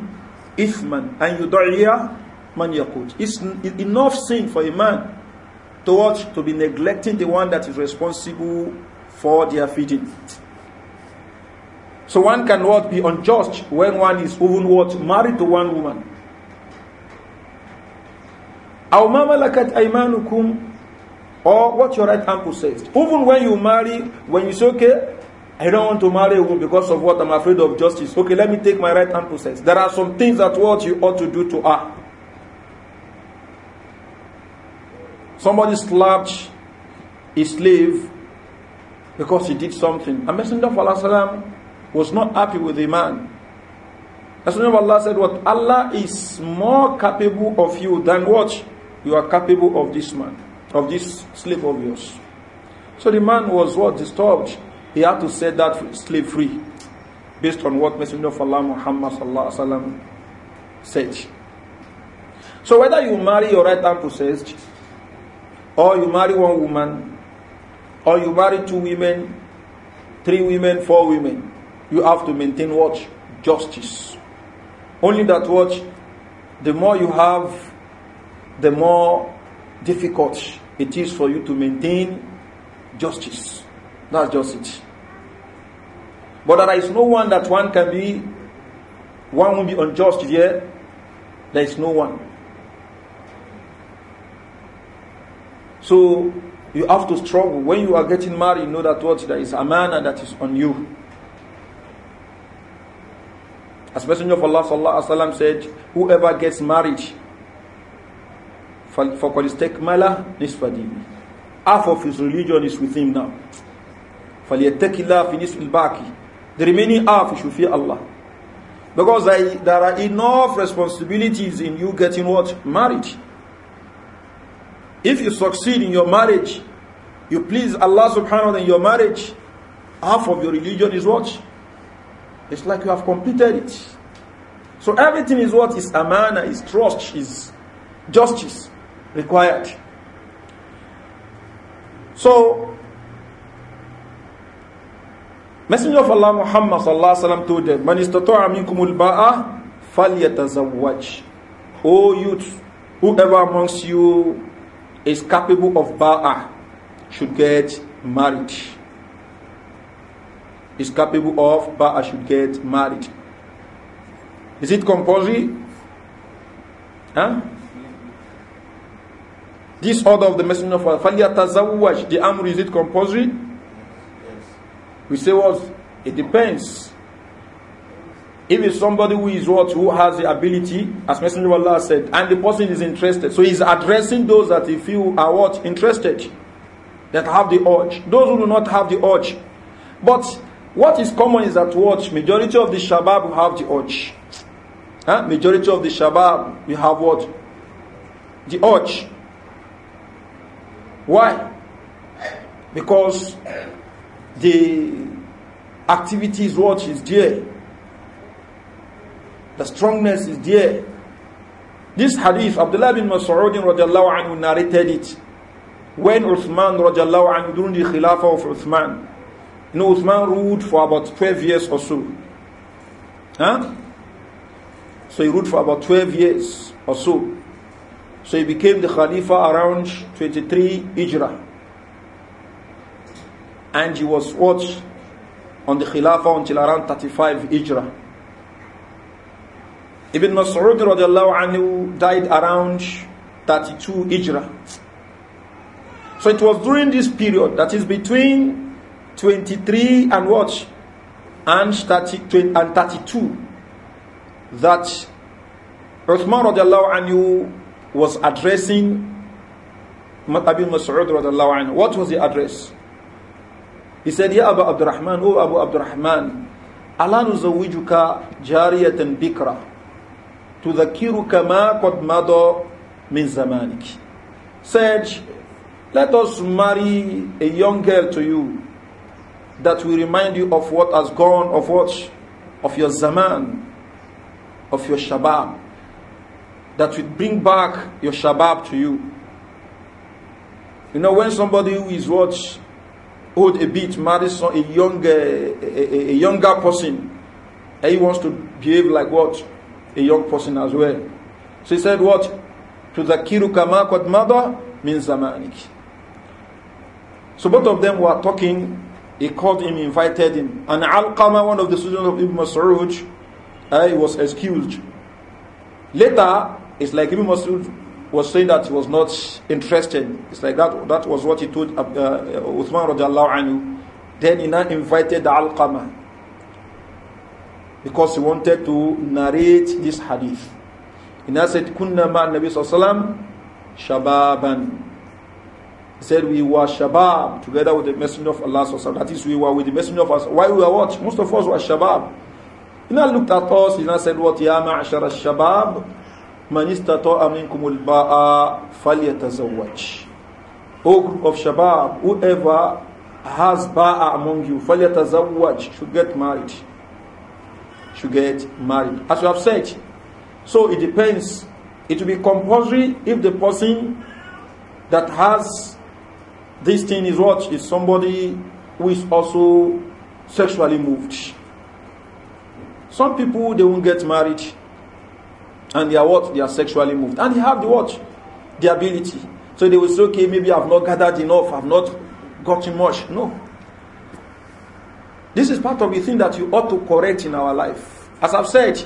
ithman an yud'iya man yakut. It's enough sin for a man to watch, to be neglecting the one that is responsible for their feeding. So one can what be unjust when one is even what married to one woman. Our mama ملكت أيمانكم or what your right hand possessed. Even when you marry, when you say, okay, I don't want to marry a woman because of what I'm afraid of justice. Okay, let me take my right hand possess. There are some things that what you ought to do to her. Somebody slapped his slave because he did something. A messenger of Allah was not happy with the man. Messenger of Allah said, What Allah is more capable of you than what you are capable of this man, of this slave of yours. So the man was what disturbed. He had to set that slave free based on what Messenger of Allah Muhammad said. So whether you marry your right hand possessed or you marry one woman, or you marry two women, three women, four women, you have to maintain watch, Justice. Only that watch. The more you have, the more difficult it is for you to maintain justice. That's just it. But there is no one that one can be, one will be unjust here. There is no one. So you have to struggle. When you are getting married, know that what there is a manner that is on you. As Messenger of Allah sallallahu alaihi wasallam said, whoever gets married, for فَقَدْ استَكْمَلَ نِصْفَ Half of his religion is with him now. فَلْيَتَّكِ اللَّهَ فِي نِصْفِ الْبَاقِ The remaining half he should fear Allah. Because there are enough responsibilities in you getting what? Marriage. If you succeed in your marriage, you please Allah subhanahu wa ta'ala in your marriage, half of your religion is what? It's like you have completed it. So everything is what is amana, is trust, is justice required. So, Messenger of Allah Muhammad sallallahu alaihi wasallam told them, "Man istata'a minkum al-ba'a falyatazawwaj." O youth, whoever amongst you is capable of Ba'a should get married. Is capable of Ba'a should get married. Is it compulsory? Huh? This order of the Messenger of Allah, فَلْيَتَزَوَّجْ The amr, is it compulsory? Yes. We say what? It depends. If it's somebody who is what, who has the ability, as Messenger of Allah said, and the person is interested. So he's addressing those that he feel are what? Interested. That have the urge. Those who do not have the urge. But what is common is that what? Majority of the Shabab have the urge. Huh? Majority of the Shabab, we have what? The urge. Why? Because the activity is what is there the strongness is there. This hadith, Abdullah bin Mas'ud radiallahu anhu narrated it. When Uthman radiallahu anhu, during the Khilafah of Uthman, you know, Uthman ruled for about 12 years or so. Huh? So he ruled for about 12 years or so. So he became the Khalifa around 23 Hijrah. And he was watched on the Khilafah until around 35 Hijrah. Ibn Mas'ud anhu died around 32 Hijrah. So it was during this period, that is between 23 and what? And, 30, and 32, that Uthman anhu was addressing Ibn Mas'ud anhu. What was the address? He said, Ya Abu Abdurrahman, O Abu Abdurrahman, Allah nuzawijuka jariyatan bikra tudhakiru kama qad mada min zamanik. Said, let us marry a young girl to you that will remind you of what has gone, of what, of your zaman, of your shabab, that will bring back your shabab to you. You know, when somebody who is what, old a bit, marries a young, a, a, a younger person, and he wants to behave like what a young person as well. She said, What? to Tuzakiruka What qad means the zamanik. So both of them were talking. He called him, invited him. And Al-Qama, one of the students of Ibn Mas'ud, uh, he was excused. Later, it's like Ibn Mas'ud was saying that he was not interested. It's like that that was what he told uh, uh Uthman anhu. Then he now invited Al-Qama because he wanted to narrate this hadith. And I said, Kunna ma'an Nabi Sallam Shababan. He said, We were Shabab together with the Messenger of Allah. Sallallahu That is, we were with the Messenger of Allah. Why we were what? Most of us were Shabab. And I looked at us and I said, What? Ya ma'ashar al-Shabab. Man istata'a minkum al-ba'a falyatazawwaj. O group of Shabab, whoever has ba'a among you, falyatazawwaj, should get married should get married. As you have said, so it depends. It will be compulsory if the person that has this thing is what is somebody who is also sexually moved. Some people they won't get married and they are what? They are sexually moved. And they have the what? The ability. So they will say, okay, maybe I've not gathered enough, I've not gotten much. No. This is part of the thing that you ought to correct in our life. As I've said,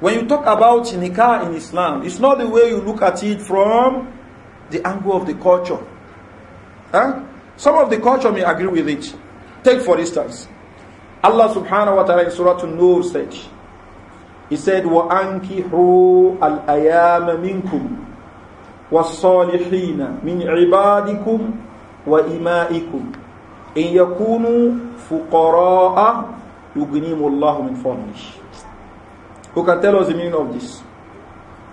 when you talk about nikah in Islam, it's not the way you look at it from the angle of the culture. Huh? Some of the culture may agree with it. Take for instance, Allah subhanahu wa ta'ala in Surah An-Nur said, He said, وَأَنْكِحُوا الْأَيَامَ مِنْكُمْ وَالصَّالِحِينَ مِنْ عِبَادِكُمْ وَإِمَائِكُمْ إِنْ يَكُونُوا fuqara'a yughnihimullahu min fadlihi who can tell us the meaning of this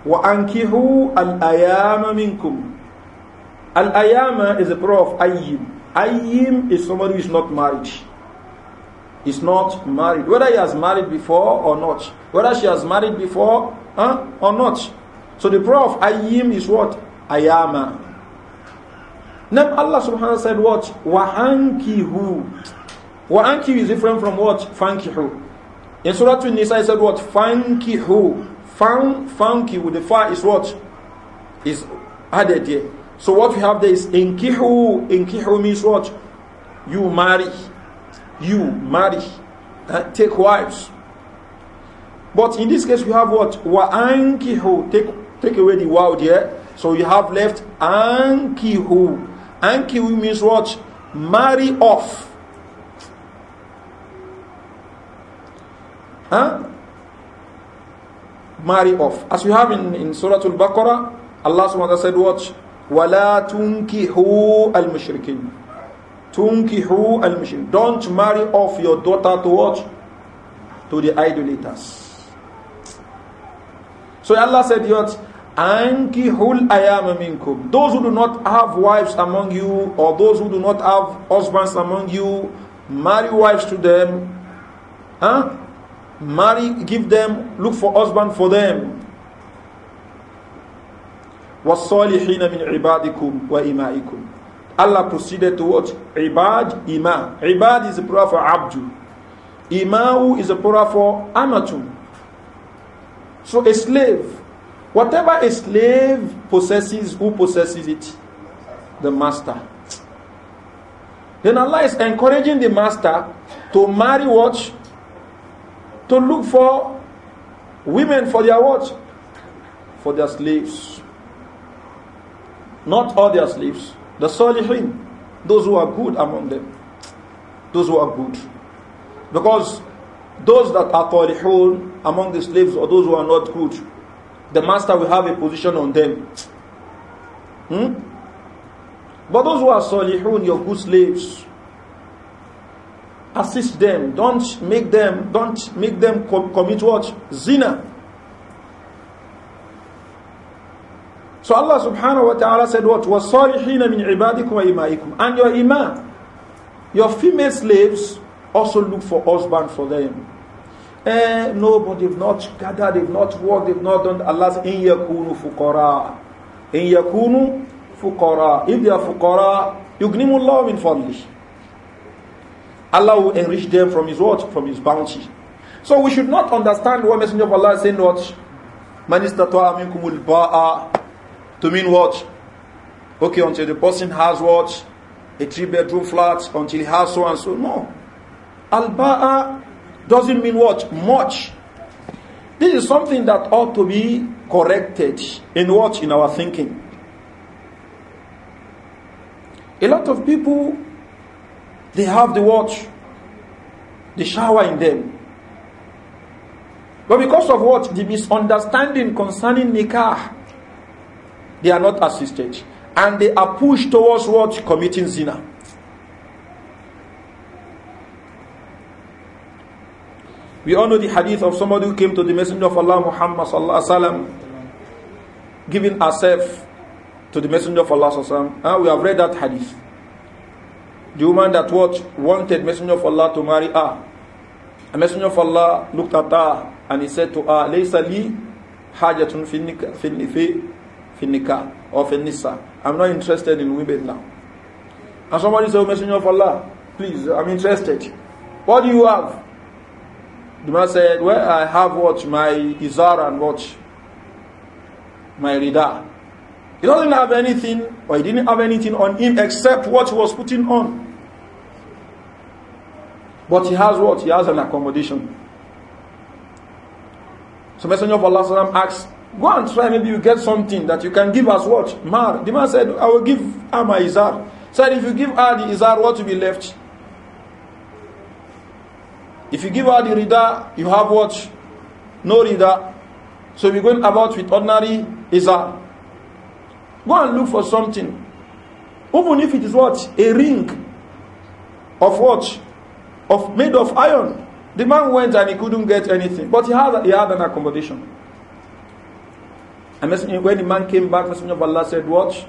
wa ankihu al-ayama minkum al is a prayer of ayyim ayyim is somebody who is not married is not married whether he has married before or not whether she has married before huh, or not so the prayer of ayyim is what ayama then allah subhanahu wa ta'ala said what wa ankihu What ankihu is different from what? Fankihu. In Surah to Nisa, it said what? Fankihu. Fan, fanki with the fire is what? Is added here. So what we have there is inkihu. Inkihu means what? You marry. You marry. Uh, take wives. But in this case, we have what? Wa ankihu. Take, take away the wow here, So you have left ankihu. Ankihu means what? Marry off. huh? marry off. As you have in, in Surah Al-Baqarah, Allah subhanahu wa ta'ala said, watch, وَلَا تُنْكِحُوا الْمُشْرِكِينَ تُنْكِحُوا الْمُشْرِكِينَ Don't marry off your daughter to watch To the idolaters. So Allah said, what? أَنْكِحُوا الْأَيَامَ مِنْكُمْ Those who do not have wives among you, or those who do not have husbands among you, marry wives to them, huh? marry, give them, look for husband for them. وَالصَّالِحِينَ مِنْ عِبَادِكُمْ وَإِمَائِكُمْ Allah proceeded to what? Ibad, Ima. Ibad is a prayer for Abdu. Imau is a prayer for Amatun. So a slave, whatever a slave possesses, who possesses it? The master. Then Allah is encouraging the master to marry what? to look for women for their what? For their slaves. Not all their slaves. The salihin, those who are good among them. Those who are good. Because those that are salihun among the slaves or those who are not good, the master will have a position on them. Hmm? But those who are salihun, your good slaves, assist them, don't make them, don't make them co commit what? Zina. So Allah subhanahu wa ta'ala said what? min ibadikum wa وَإِمَائِكُمْ And your imam, your female slaves also look for husband for them. Eh, no, but they've not gathered, they've not worked, they've not done Allah's in yakunu fuqara. In yakunu fuqara. If they are fuqara, yugnimu Allah min fadlih. Allah will enrich them from His what? From His bounty. So we should not understand what Messenger of Allah is saying what? Minister aminkumul ba'a to mean what? Okay, until the person has what? A three bedroom flat, until he has so and so. No. Al ba'a doesn't mean what? Much. This is something that ought to be corrected in what? In our thinking. A lot of people they have the watch, the shower in them. But because of what? The misunderstanding concerning nikah, they are not assisted. And they are pushed towards what? Committing zina. We all know the hadith of somebody who came to the Messenger of Allah Muhammad sallallahu alaihi wasallam, giving herself to the Messenger of Allah sallallahu alaihi wasallam. Ah, we have read that hadith the woman that what wanted Messenger of Allah to marry her. A Messenger of Allah looked at her and he said to her, Laysa li hajatun finnika or finnisa. I'm not interested in women now. And somebody said, oh, Messenger of Allah, please, I'm interested. What do you have? The man said, Well, I have what? My izar and what? My rida. He doesn't have anything, or he didn't have anything on him except what he was putting on. But he has what? He has an accommodation. So Messenger of Allah asks, Go and try, maybe you get something that you can give us what? Mar. The man said, I will give her my Izar. Said, if you give her the Izar, what will be left? If you give her the Rida, you have what? No Rida. So we're going about with ordinary Izar. Go and look for something. Even if it is what? A ring of what? Of made of iron. The man went and he couldn't get anything. But he had, he had an accommodation. And when the man came back, Messenger of Allah said, Watch,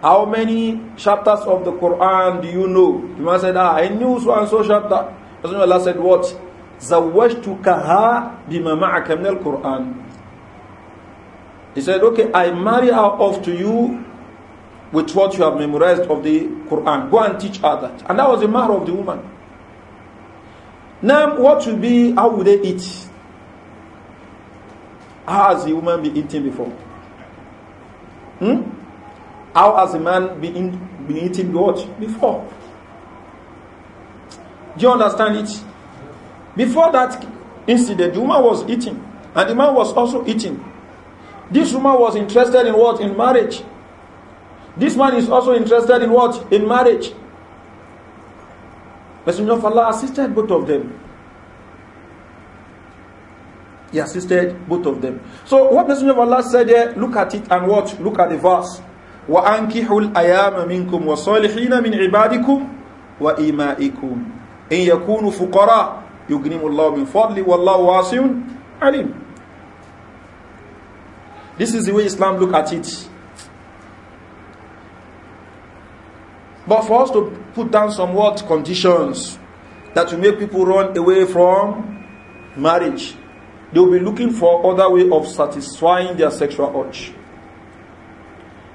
how many chapters of the Quran do you know? The man said, Ah, I knew so and so chapter. Messenger of Allah said, What? زوجتكها بما معك al Quran." He said, Okay, I marry her off to you with what you have memorized of the Quran. Go and teach her that. And that was the matter of the woman. Now, what will be, how will they eat? How has the woman been eating before? Hmm? How has the man been, been eating what? Before. Do you understand it? Before that incident, the woman was eating, and the man was also eating. This woman was interested in what? In marriage. This man is also interested in what? In marriage. Messenger of Allah assisted both of them. He assisted both of them. So what Messenger of Allah said here? look at it and watch. Look at the verse. وَأَنْكِحُ الْأَيَامَ مِنْكُمْ وَصَالِحِينَ مِنْ عِبَادِكُمْ وَإِمَائِكُمْ إِنْ يَكُونُ فُقَرَى يُغْنِمُ اللَّهُ مِنْ فَضْلِهِ وَاللَّهُ وَاسِعٌ عَلِيمٌ this is the way Islam look at it. But for us to put down some what conditions that will make people run away from marriage, they will be looking for other way of satisfying their sexual urge.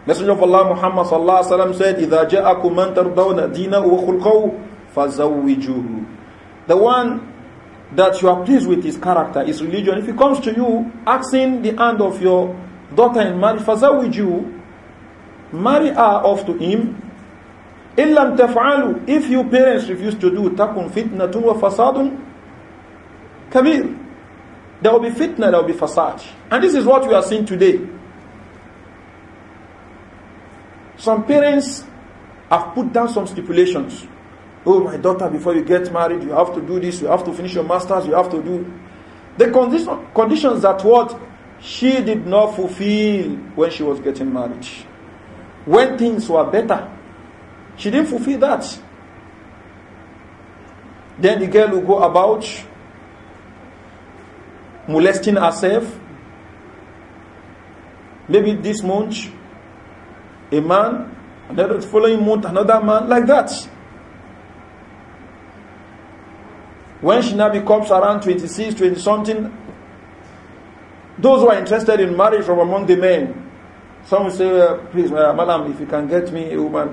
Messenger of Allah Muhammad sallallahu alaihi wasallam said, "Idha man The one that you are pleased with his character, his religion. If he comes to you asking the hand of your daughter in marriage, فَزَوِّجُوا Marry her off to him. إِلَّمْ تَفْعَلُوا If your parents refuse to do, تَكُنْ فِتْنَةٌ fasadun. كَبِيرٌ There will be fitna, there will be fasad. And this is what we are seeing today. Some parents have put down some stipulations. Oh, my daughter, before you get married, you have to do this, you have to finish your master's, you have to do. The condition, conditions that what she did not fulfill when she was getting married. When things were better, she didn't fulfill that. Then the girl will go about molesting herself. Maybe this month, a man, another following month, another man, like that. When she now becomes around 26, 20 something, Those who are interested in marriage from among the men, some will say, uh, please, madam, if you can get me a woman,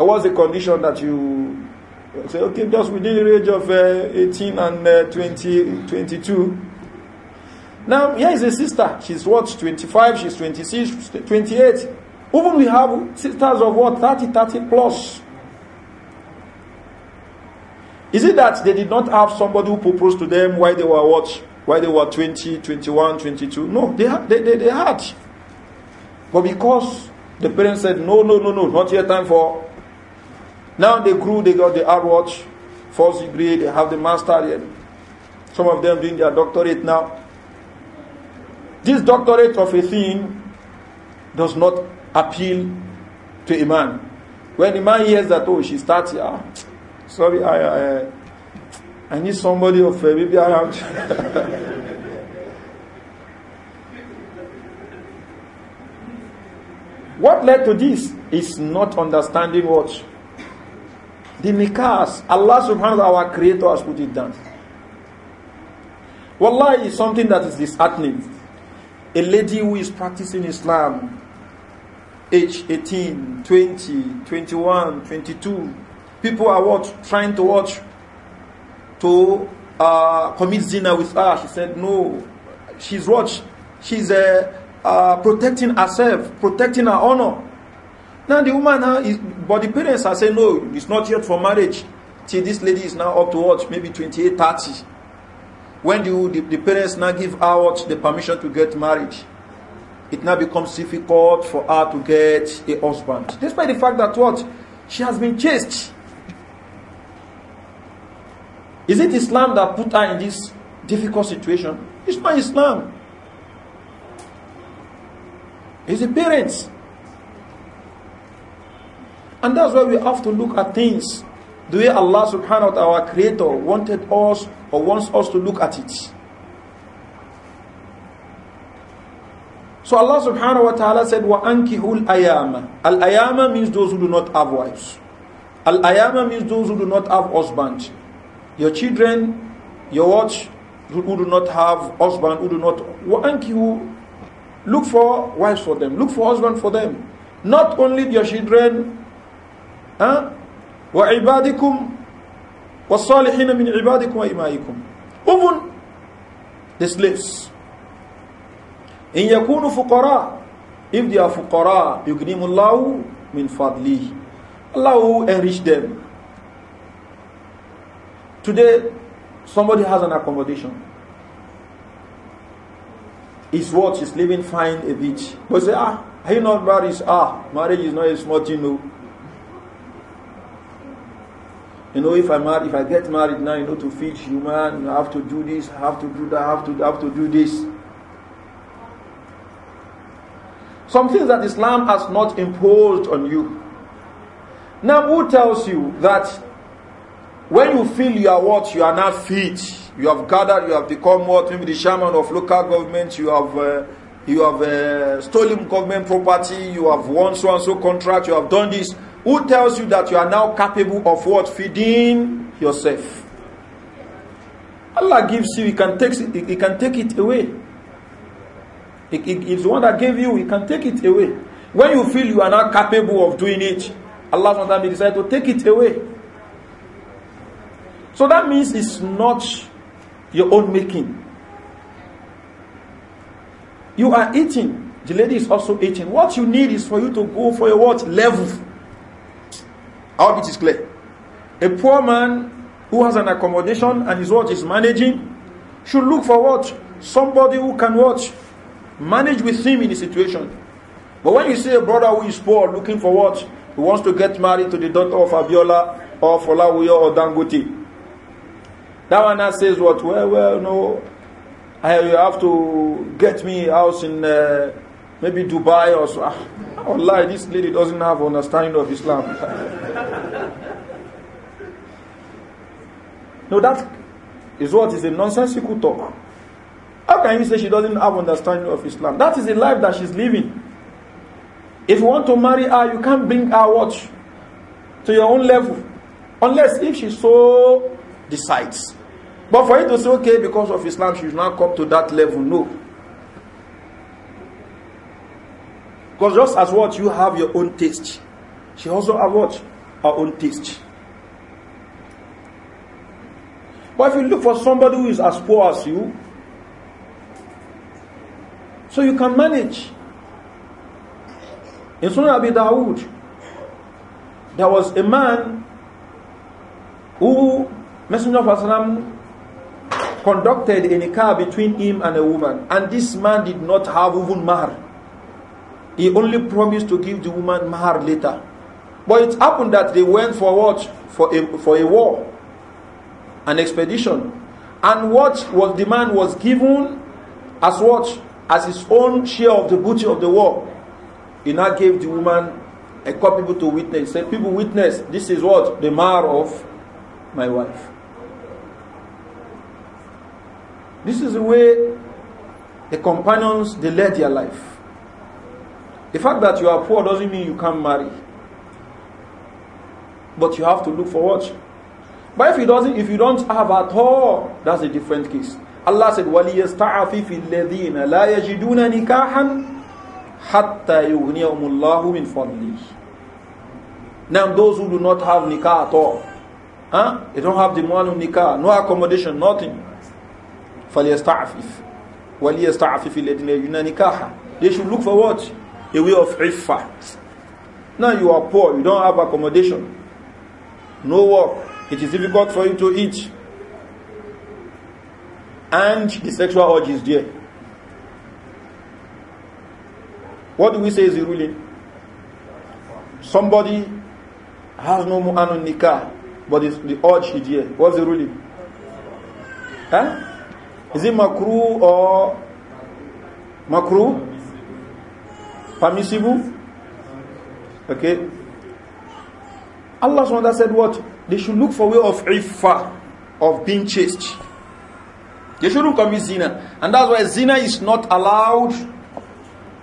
uh, what's the condition that you say, okay, just within the age of uh, 18 and uh, 20, 22. Now, here is a sister. She's what, 25, she's 26, 28. Even we have sisters of what, 30, 30 plus. Is it that they did not have somebody who proposed to them while they were what? why they were 20, 21, 22. No, they, they, they, they had. But because the parents said, no, no, no, no, not yet time for. Now they grew, they got the award, first degree, they have the master. Some of them doing their doctorate now. This doctorate of a thing does not appeal to a man. When a man hears that, oh, she starts. here. Ah, sorry, I, I I need somebody of a uh, maybe around. *laughs* what led to this is not understanding what the mikas Allah subhanahu wa ta'ala, our creator, has put it down. Wallahi is something that is disheartening. A lady who is practicing Islam, age 18, 20, 21, 22, people are what? Trying to watch to uh, commit zina with her. She said, No, she's watched. She's uh, uh, protecting herself, protecting her honor. Now the woman, uh, is, but the parents are saying, No, it's not yet for marriage. Till this lady is now up to what? Maybe 28, 30. When do the, the parents now give her what? The permission to get married. It now becomes difficult for her to get a husband. Despite the fact that what? She has been chased Is it Islam that put her in this difficult situation? It's not Islam. It's the parents. And that's why we have to look at things the way Allah subhanahu wa ta'ala, our creator, wanted us or wants us to look at it. So Allah subhanahu wa ta'ala said, "Wa ankiul ayam الْأَيَامَ Al-ayama means those who do not have wives. Al-ayama means those who do not have husbands. Your children, your watch, who, do not have husband, who do not, وَأَنْكِهُ Look for wives for them. Look for husband for them. Not only your children. Huh? وَعِبَادِكُمْ وَالصَّالِحِينَ مِنْ wa imayikum. Even the slaves. In ya يَكُونُوا fukara If they are fuqara, يُغْنِيمُ اللَّهُ مِنْ فَضْلِهِ Allah will enrich them Today, somebody has an accommodation. His watch is living fine a bit. But say, ah, are you not married? Ah, marriage is not a small thing, no. You know, if I marry, if I get married now, you know, to feed human, I have to do this, I have to do that, I have to, I have to do this. Some things that Islam has not imposed on you. Now, who tells you that When you feel you are what? You are now fit. You have gathered, you have become what? Maybe the chairman of local government, you have. Uh, you have uh, stolen government property, you have won so and so contract, you have done this. Who tells you that you are now capable of what? Feeding yourself. Allah gives you, He can take, it, he can take it away. He, is the one that gave you, He can take it away. When you feel you are not capable of doing it, Allah sometimes decide to take it away. So that means it's not your own making. You are eating. The lady is also eating. What you need is for you to go for a what? Level. I hope it is clear. A poor man who has an accommodation and is what is managing should look for what? Somebody who can what? Manage with him in the situation. But when you see a brother who is poor looking for what? he wants to get married to the daughter of Abiola or Folawiyo or Dangote. That one that says what? Well, well, no, I you have to get me a house in uh, maybe Dubai or so. Ah, Allah, lie this lady doesn't have understanding of Islam. *laughs* no, that is what is a nonsensical talk. How can you say she doesn't have understanding of Islam? That is the life that she's living. If you want to marry her, you can't bring her watch to your own level, unless if she so decides. But for you to say, okay, because of Islam, she should not come to that level. No. Because just as what you have your own taste, she also have what? Her own taste. But if you look for somebody who is as poor as you, so you can manage. In Sunnah Abi Dawood, there was a man who, Messenger of Islam, conducted a nikah between him and a woman, and this man did not have even mahar. He only promised to give the woman mahar later. But it happened that they went for what? For a, for a war, an expedition. And what was the man was given as what? As his own share of the booty of the war. He now gave the woman a couple people to witness. He said, People witness, this is what? The mahar of my wife. This is the way the companions they led their life. The fact that you are poor doesn't mean you can't marry. But you have to look for what? But if you doesn't, if you don't have at all, that's a different case. Allah said, وَلِيَسْتَعَفِفِ الَّذِينَ لَا يَجِدُونَ نِكَاحًا حَتَّى يُغْنِيَهُمُ اللَّهُ مِنْ فَضْلِهِ Now those who do not have nikah at all, huh? they don't have the money nikah, no accommodation, nothing. فَلْيَسْتَعْفِفْ وَلْيَسْتَعْفِفِ الَّذِينَ يُنَا They should look for what? A way of iffah. Now you are poor, you don't have accommodation, no work, it is difficult for you to eat, and the sexual urge is there. What do we say is the ruling? Somebody has no mu'anun nikah, but the urge is there. What's the ruling? Huh? Is it makru or makru? Permissible? Okay. Allah SWT said what? They should look for way of ifa, of being chaste. They shouldn't commit zina. And that's why zina is not allowed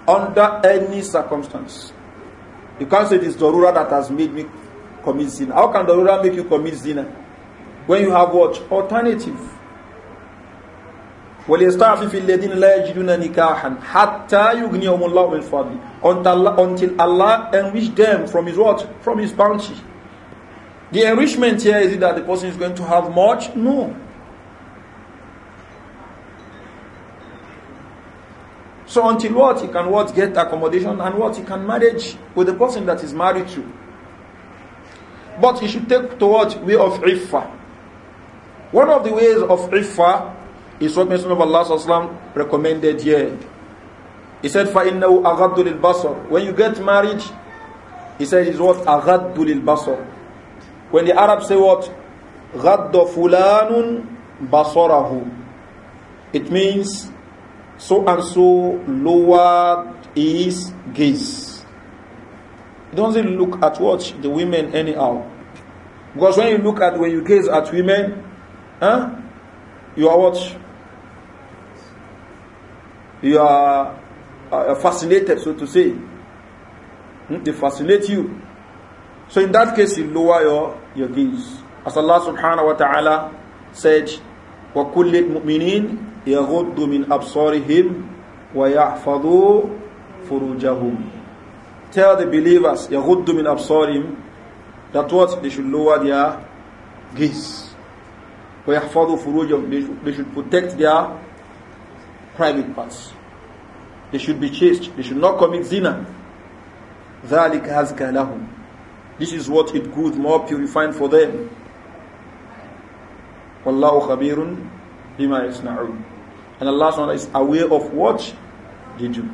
under any circumstance. You can't say it is Dorura that has made me commit zina. How can Dorura make you commit zina? When you have what? Alternative. وَلْيَسْتَعْفِفِ الَّذِينَ لَا يَجِدُونَ نِكَاحًا حَتَّى يُغْنِيَهُمُ اللَّهُ مِنْ فَضْلِهِ until, until Allah enrich them from His what? From His bounty. The enrichment here is it that the person is going to have much? No. So until what he can what get accommodation and what he can marriage with the person that is married to. But he should take towards way of ifa. One of the ways of ifa is what Messenger of Allah Sallallahu recommended here. He said, فَإِنَّهُ أَغَدُّ basar." When you get married, he said it's what? أَغَدُّ basar." When the Arabs say what? غَدَّ فُلَانٌ بَصَرَهُ It means, so and so lowered his gaze. He doesn't look at what? The women anyhow. Because when you look at, when you gaze at women, huh? you are what? you are uh, uh, fascinated, so to say. Hmm? They fascinate you. So in that case, you lower your, your gaze. As Allah subhanahu wa ta'ala said, وَكُلِّ الْمُؤْمِنِينَ يَغُدُّ مِنْ أَبْصَارِهِمْ وَيَحْفَظُوا فُرُوجَهُمْ Tell the believers, "يَغُدُّ مِنْ أَبْصَارِهِمْ That what? They should lower their gaze. وَيَحْفَظُوا فُرُوجَهُمْ They should protect their private parts. They should be chaste. They should not commit zina. ذَلِكَ هَزْكَ لَهُمْ This is what it good, more purifying for them. وَاللَّهُ خَبِيرٌ بِمَا one And Allah is aware of what they do.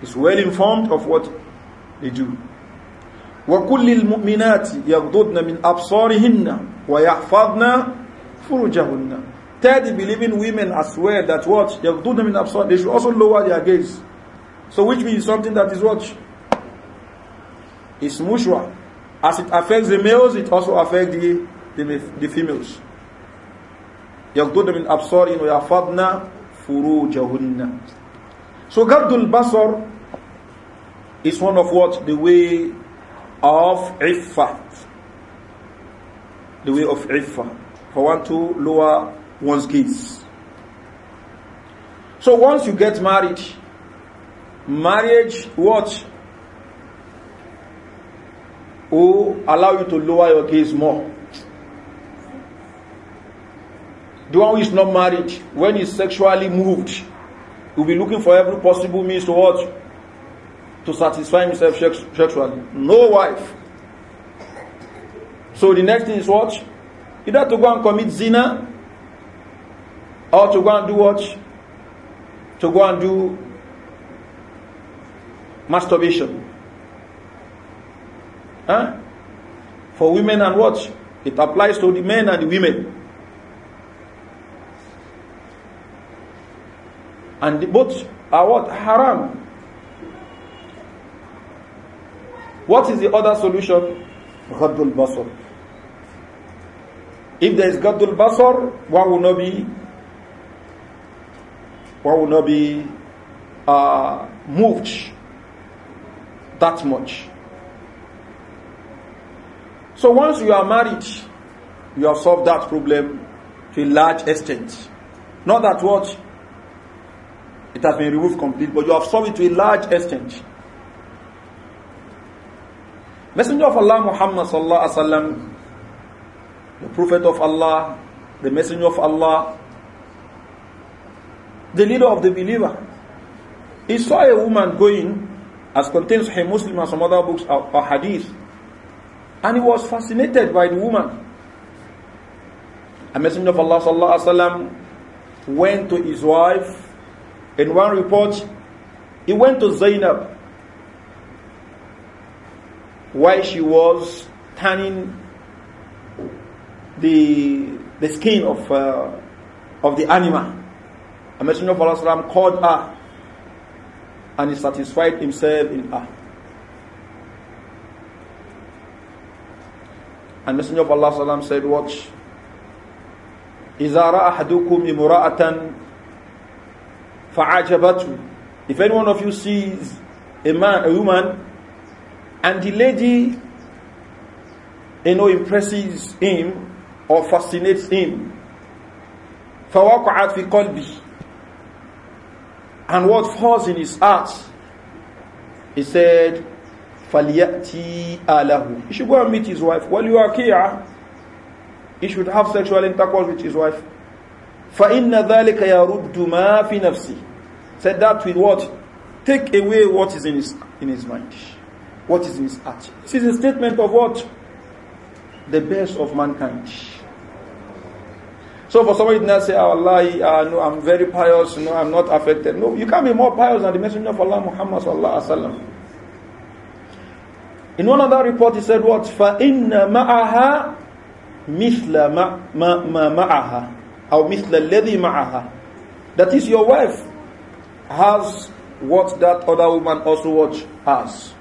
He's well informed of what they do. وكل المؤمنات يغضضن من أبصارهن ويحفظن فروجهن Tell the believing women as well that what? They do them in absurd. They should also lower their gaze. So which means something that is what is It's As it affects the males, it also affects the, the, the females. يغضضن من أبصارهن ويحفظن فروجهن So Gardul Basar is one of what? The way of Iffah. The way of Iffah. For one to lower one's kids. So once you get married, marriage what? Will allow you to lower your gaze more. The one who is not married, when he's sexually moved, will be looking for every possible means to what? To satisfy himself sexually. No wife. So the next thing is what? Either to go and commit zina Or to go and do what? To go and do masturbation. Huh? For women and what? It applies to the men and the women. And the both are what? Haram. What is the other solution? Ghadul Basar. If there is Ghadul Basar, one will not be one will not be uh, moved that much. So once you are married, you have solved that problem to a large extent. Not that what it has been removed completely, but you have solved it to a large extent. Messenger of Allah Muhammad sallallahu alaihi wasallam, the Prophet of Allah, the Messenger of Allah, the leader of the believer. He saw a woman going, as contains a Muslim and some other books or, or hadith, and he was fascinated by the woman. A messenger of Allah sallallahu alaihi wasallam went to his wife. In one report, he went to Zainab while she was tanning the the skin of uh, of the animal. A messenger of Allah called her and he satisfied himself in her. And Messenger of Allah said, Watch. إِذَا If any one of you sees a man, a woman, and the lady, you know, impresses him or fascinates him, فَوَقَعَتْ فِي قَلْبِهِ and what falls in his heart, he said, "Faliati أَلَهُ He should go and meet his wife. While you are here, He should have sexual intercourse with his wife. فَإِنَّ ذَلِكَ يَرُدُّ مَا فِي Said that with what? Take away what is in his, in his mind. What is in his heart. This is a statement of what? The best of mankind. So for somebody to not say, oh, ah, Allah, uh, ah, no, I'm very pious, no, I'm not affected. No, you can't be more pious than the Messenger of Allah, Muhammad sallallahu alaihi wasallam. In one of that report, he said what? فَإِنَّ مَعَهَا مِثْلَ مَا مَعَهَا أو مِثْلَ الَّذِي مَعَهَا That is, your wife has what that other woman also what has.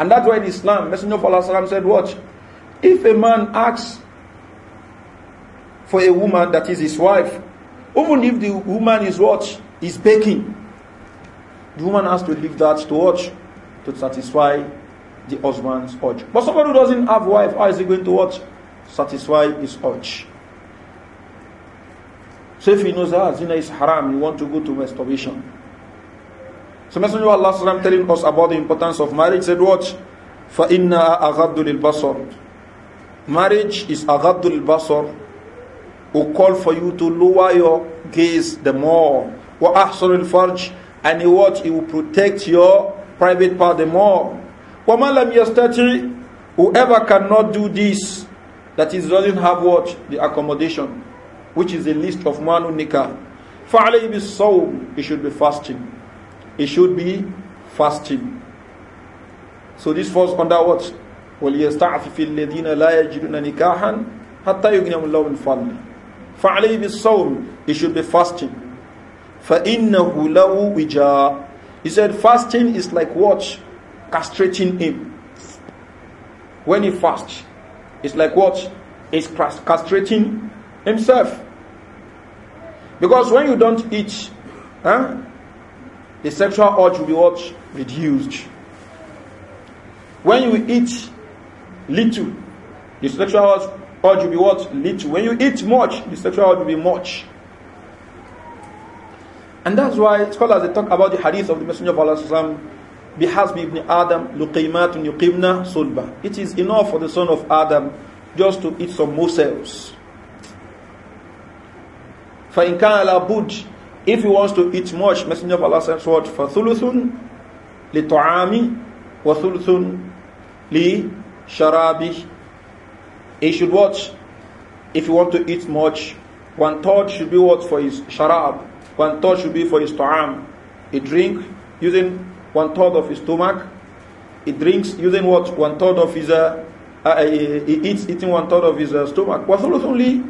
And that's why in Islam, Messenger of Allah said what? If a man asks for a woman that is his wife. Even if the woman is what? Is baking. The woman has to leave that to watch to satisfy the husband's urge. But somebody who doesn't have wife, how is he going to watch? Satisfy his urge. So if he knows that zina is haram, you want to go to masturbation. So Messenger of Allah telling us about the importance of marriage said what? فَإِنَّا aghdul لِلْبَصَرِ Marriage is aghdul لِلْبَصَرِ who call for you to lower your gaze the more. وَأَحْصُرِ الْفَرْجِ And he what? He will protect your private part the more. وَمَا لَمْ يَسْتَطِعِ Whoever cannot do this, that is doesn't have what? The accommodation, which is a list of manu nikah. فَعَلَيْهِ بِالصَّوْمِ He should be fasting. He should be fasting. So this falls under what? وَلْيَسْتَعْفِفِ الَّذِينَ لَا يَجِدُونَ نِكَاحًا حَتَّى يُغْنِيَهُمُ اللَّهُ مِنْ فَضْلِهِ فَعَلَيْهِ بِالصَّوْمِ He should be fasting. فَإِنَّهُ لَهُ وِجَاءَ He said fasting is like what? Castrating him. When he fasts, it's like what? It's castrating himself. Because when you don't eat, huh, the sexual urge will be what? Reduced. When you eat little, the sexual urge urge will be what? Little. When you eat much, the sexual urge will be much. And that's why scholars they talk about the hadith of the Messenger of Allah Bihasb ibn Adam luqimatun yuqimna sulba. It is enough for the son of Adam just to eat some morsels. فَإِنْ كَانَ لَابُدْ If he wants to eat much, Messenger of Allah says what? فَثُلُثٌ لِطُعَامِ li لِشَرَابِهِ he should watch. If you want to eat much, one third should be what for his sharab, one third should be for his ta'am. He drink using one third of his stomach. He drinks using what one third of his. Uh, uh, uh he, he eats eating one third of his uh, stomach. Was only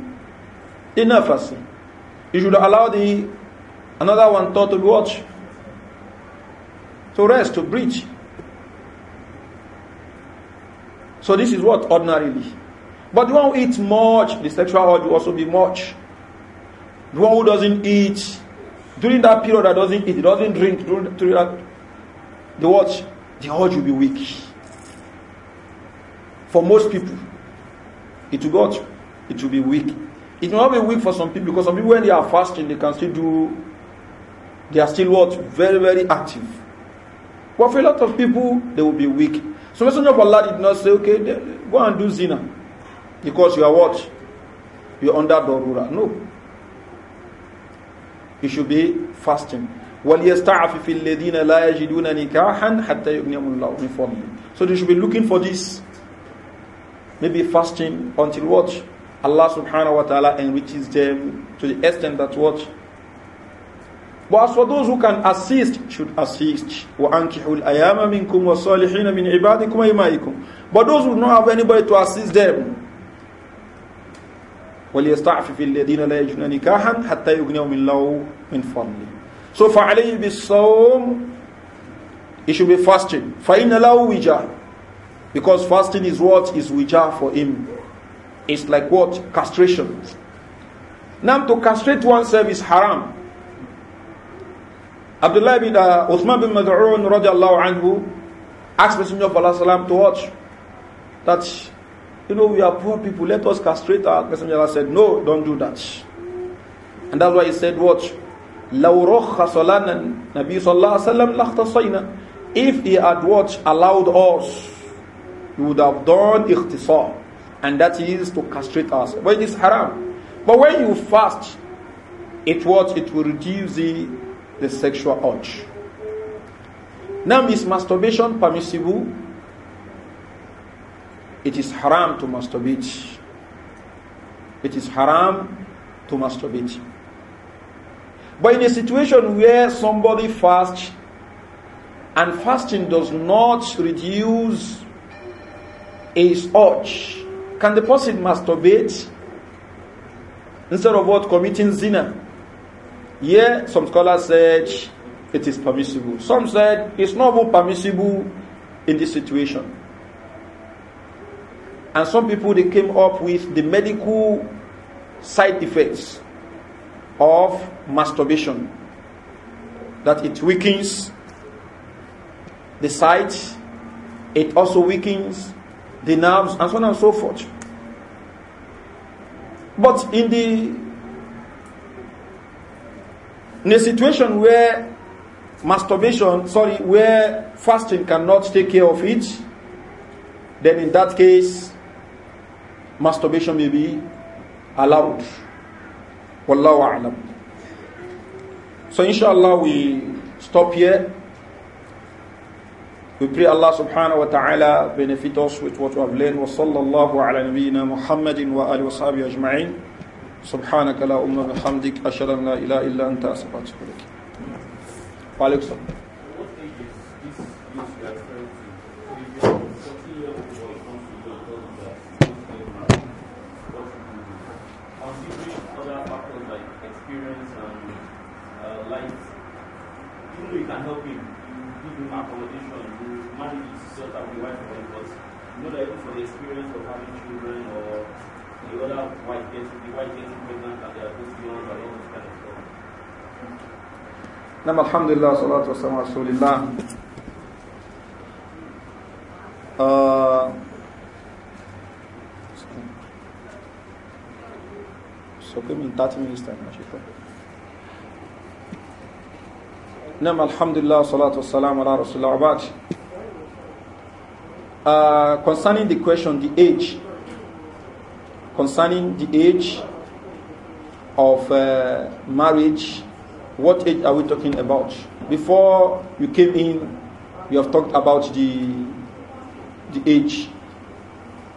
enough he should allow the another one third to be to rest, to breathe. So this is what ordinarily. But the one who eats much, the sexual urge will also be much. The one who doesn't eat, during that period that doesn't eat, doesn't drink, during, during that, the watch the urge will be weak. For most people, it will got, it will be weak. It will not be weak for some people because some people when they are fasting, they can still do, they are still what? Very, very active. But for a lot of people, they will be weak. So Messenger of Allah did not say, okay, go and do zina because you are what? You are under darura. No. You should be fasting. وَلْيَسْتَعْفِفِ الَّذِينَ لَا يَجِدُونَ نِكَاحًا حَتَّى يُغْنِيَهُمُ اللَّهُ مِنْ فَضْلِهِ So they should be looking for this. Maybe fasting until what? Allah subhanahu wa ta'ala enriches them to the extent that what? But as for those who can assist, should assist. وَأَنْكِحُوا الْأَيَامَ مِنْكُمْ مِنْ عِبَادِكُمْ وَإِمَائِكُمْ But those who don't have anybody to assist them, وليستعفف الذين لا يجدون نكاحا حتى يغنيهم الله من فضله so فعليه بالصوم he should be fasting فإن له وجاه because fasting is what is wija for him it's like what castration now to castrate oneself is haram Abdullah bin uh, Uthman bin Mad'un radiallahu anhu asked Messenger of Allah salam to watch that you know, we are poor people, let us castrate our messenger. I said, no, don't do that. And that's why he said, watch. لو رخص if he had watched, allowed us we would have done ikhtisar and that is to castrate us but it is haram but when you fast it what it will reduce the, the sexual urge now is masturbation permissible it is haram to masturbate. It is haram to masturbate. But in a situation where somebody fasts and fasting does not reduce his urge, can the person masturbate instead of what committing zina? Here, yeah, some scholars said it is permissible. Some said it's not permissible in this situation. And some people they came up with the medical side effects of masturbation that it weakens the sight, it also weakens the nerves, and so on and so forth. But in the in a situation where masturbation, sorry, where fasting cannot take care of it, then in that case, masturbation may be allowed. Wallahu alam. So inshallah we stop here. We pray Allah subhanahu wa ta'ala benefit us with what we have learned. ala الله على wa محمد وآله وصحبه أجمعين. سبحانك لا أم بحمدك أشهد أن لا the experience of having children or the other the pregnant they are all kind of stuff? نعم الحمد لله والصلاة والسلام على رسول الله so نعم الحمد لله والصلاة والسلام على رسول الله uh, concerning the question, the age, concerning the age of uh, marriage, what age are we talking about? Before you came in, we have talked about the the age.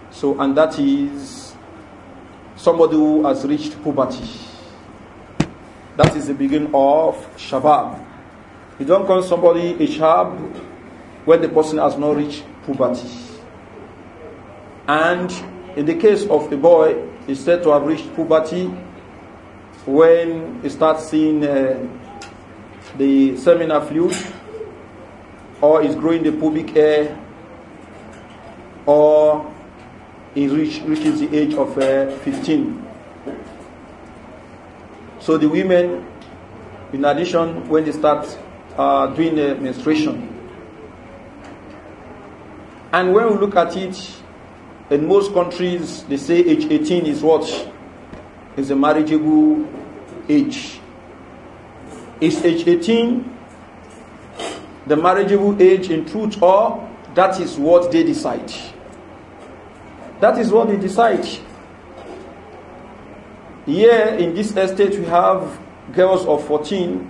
So, and that is somebody who has reached puberty. That is the beginning of shabab. You don't call somebody a shab when the person has not reached puberty. And in the case of a boy, he's said to have reached puberty when he starts seeing uh, the seminal fluid, or is growing the pubic hair, or he reach, reaches the age of uh, 15. So the women, in addition, when they start uh, doing the menstruation, and when we look at it, in most countries, they say age 18 is what? Is a marriageable age. Is age 18 the marriageable age in truth, or that is what they decide? That is what they decide. Here in this estate, we have girls of 14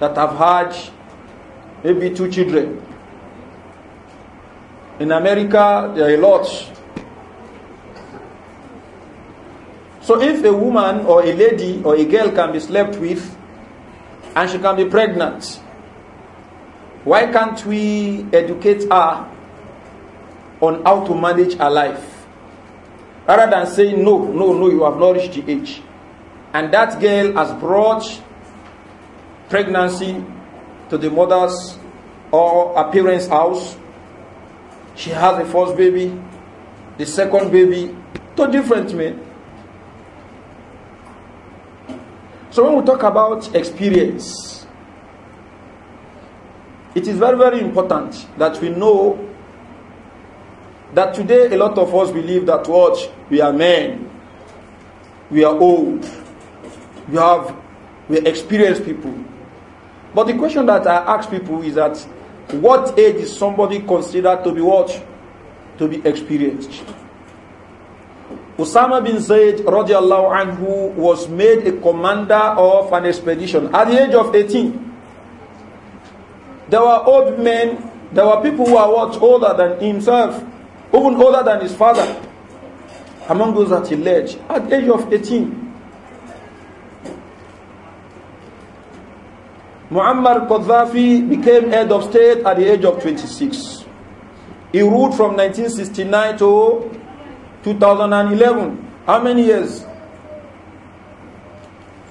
that have had maybe two children. In America, there are a lot. So if a woman or a lady or a girl can be slept with and she can be pregnant, why can't we educate her on how to manage her life? Rather than saying, no, no, no, you have not reached the age. And that girl has brought pregnancy to the mother's or her parents' house she has a first baby, the second baby, two different men. So when we talk about experience, it is very, very important that we know that today a lot of us believe that what we are men, we are old, we have we experienced people. But the question that I ask people is that what age is somebody considered to be what? To be experienced. Usama bin Zayd radiallahu anhu was made a commander of an expedition at the age of 18. There were old men, there were people who are what older than himself, even older than his father, among those that he led at the age of 18. Muammar Gaddafi became head of state at the age of 26. He ruled from 1969 to 2011. How many years?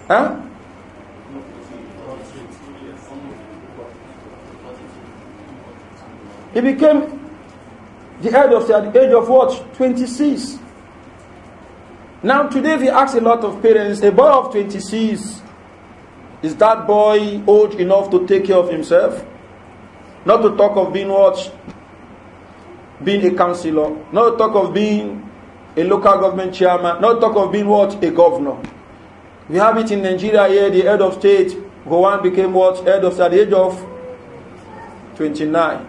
Huh? He became the head of state at the age of what? 26. Now today we ask a lot of parents, a boy of 26 Is that boy old enough to take care of himself? Not to talk of being what? Being a councillor. Not to talk of being a local government chairman. Not to talk of being what? A governor. We have it in Nigeria here, the head of state, Gowan became what? Head of state at the age of 29.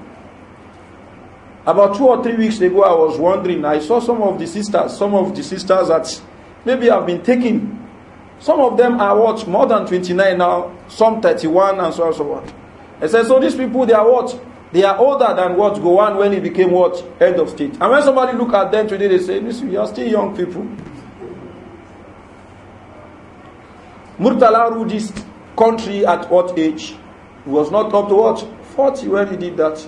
About two or three weeks ago, I was wondering, I saw some of the sisters, some of the sisters that maybe have been taken Some of them are what? More than 29 now, some 31 and so on and so on. I said, so these people, they are what? They are older than what Gowan when he became what? Head of state. And when somebody look at them today, they say, listen, you are still young people. Murtala ruled this country at what age? He was not up to what? 40 when he did that.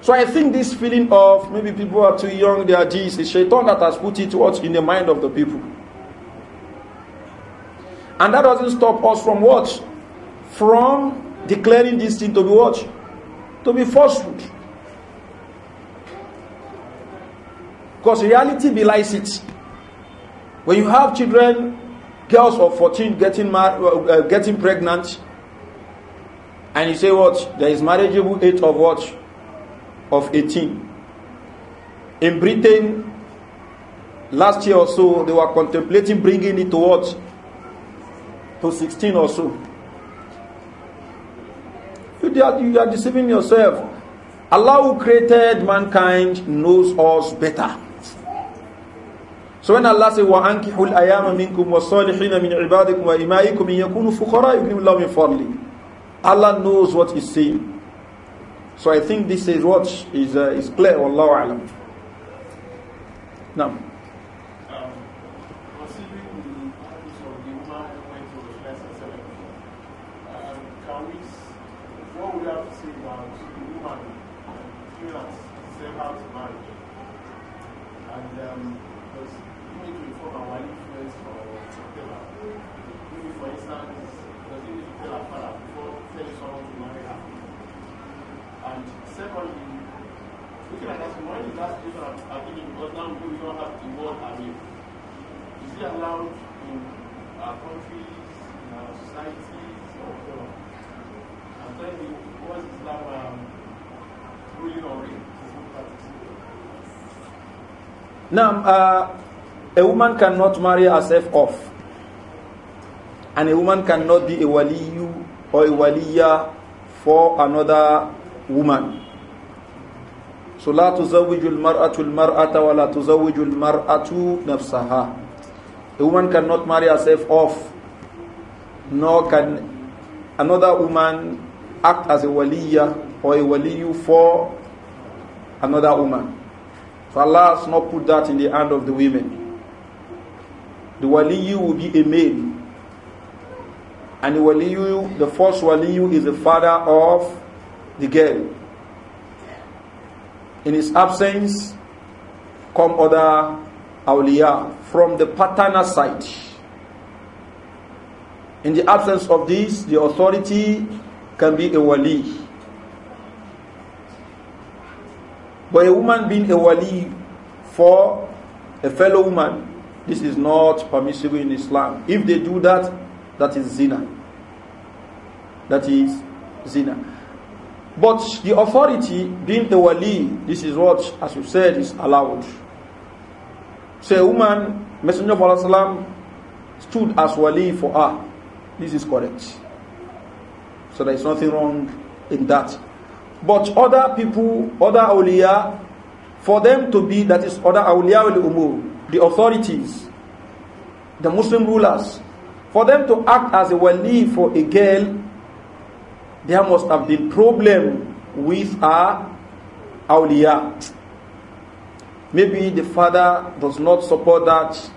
So I think this feeling of maybe people are too young, they are this, it's shaitan that has put it what in the mind of the people. And that doesn't stop us from what? From declaring this thing to be what? To be falsehood. Because reality belies it. When you have children, girls of 14 getting, mar- uh, uh, getting pregnant, and you say what? There is marriageable age of what? Of 18. In Britain, last year or so, they were contemplating bringing it to what? to 16 or so. You are, you are deceiving yourself. Allah who created mankind knows us better. So when Allah says, وَأَنْكِحُ الْأَيَامَ مِنْكُمْ وَالصَّالِحِينَ مِنْ عِبَادِكُمْ وَإِمَائِكُمْ إِنْ يَكُونُوا فُقَرَاءَ يُغْنِهِمُ اللَّهُ مِنْ فَضْلِهِ Allah knows what He's saying. So I think this is what is, uh, is clear, Allah Alam. Now. Now, uh, a woman cannot marry herself off. And a woman cannot be a waliyu or a waliya for another woman. So لا تزوج المرأة المرأة ولا تزوج المرأة نفسها. A woman cannot marry herself off, nor can another woman act as a waliya or a waliyu for another woman. So Allah has not put that in the hand of the women. The waliyu will be a male. And the waliyu, the first waliyu is the father of the girl. In his absence come other awliya from the paternal side. In the absence of this, the authority can be a wali. But a woman being a wali for a fellow woman, this is not permissible in Islam. If they do that, that is zina. That is zina. But the authority being the wali, this is what, as you said, is allowed. So a woman, Messenger of Allah stood as wali for her. This is correct. So there is nothing wrong in that. But other people, other awliya, for them to be, that is, other awliya ul umur, the authorities, the Muslim rulers, for them to act as a wali for a girl, there must have been problem with her awliya. Maybe the father does not support that.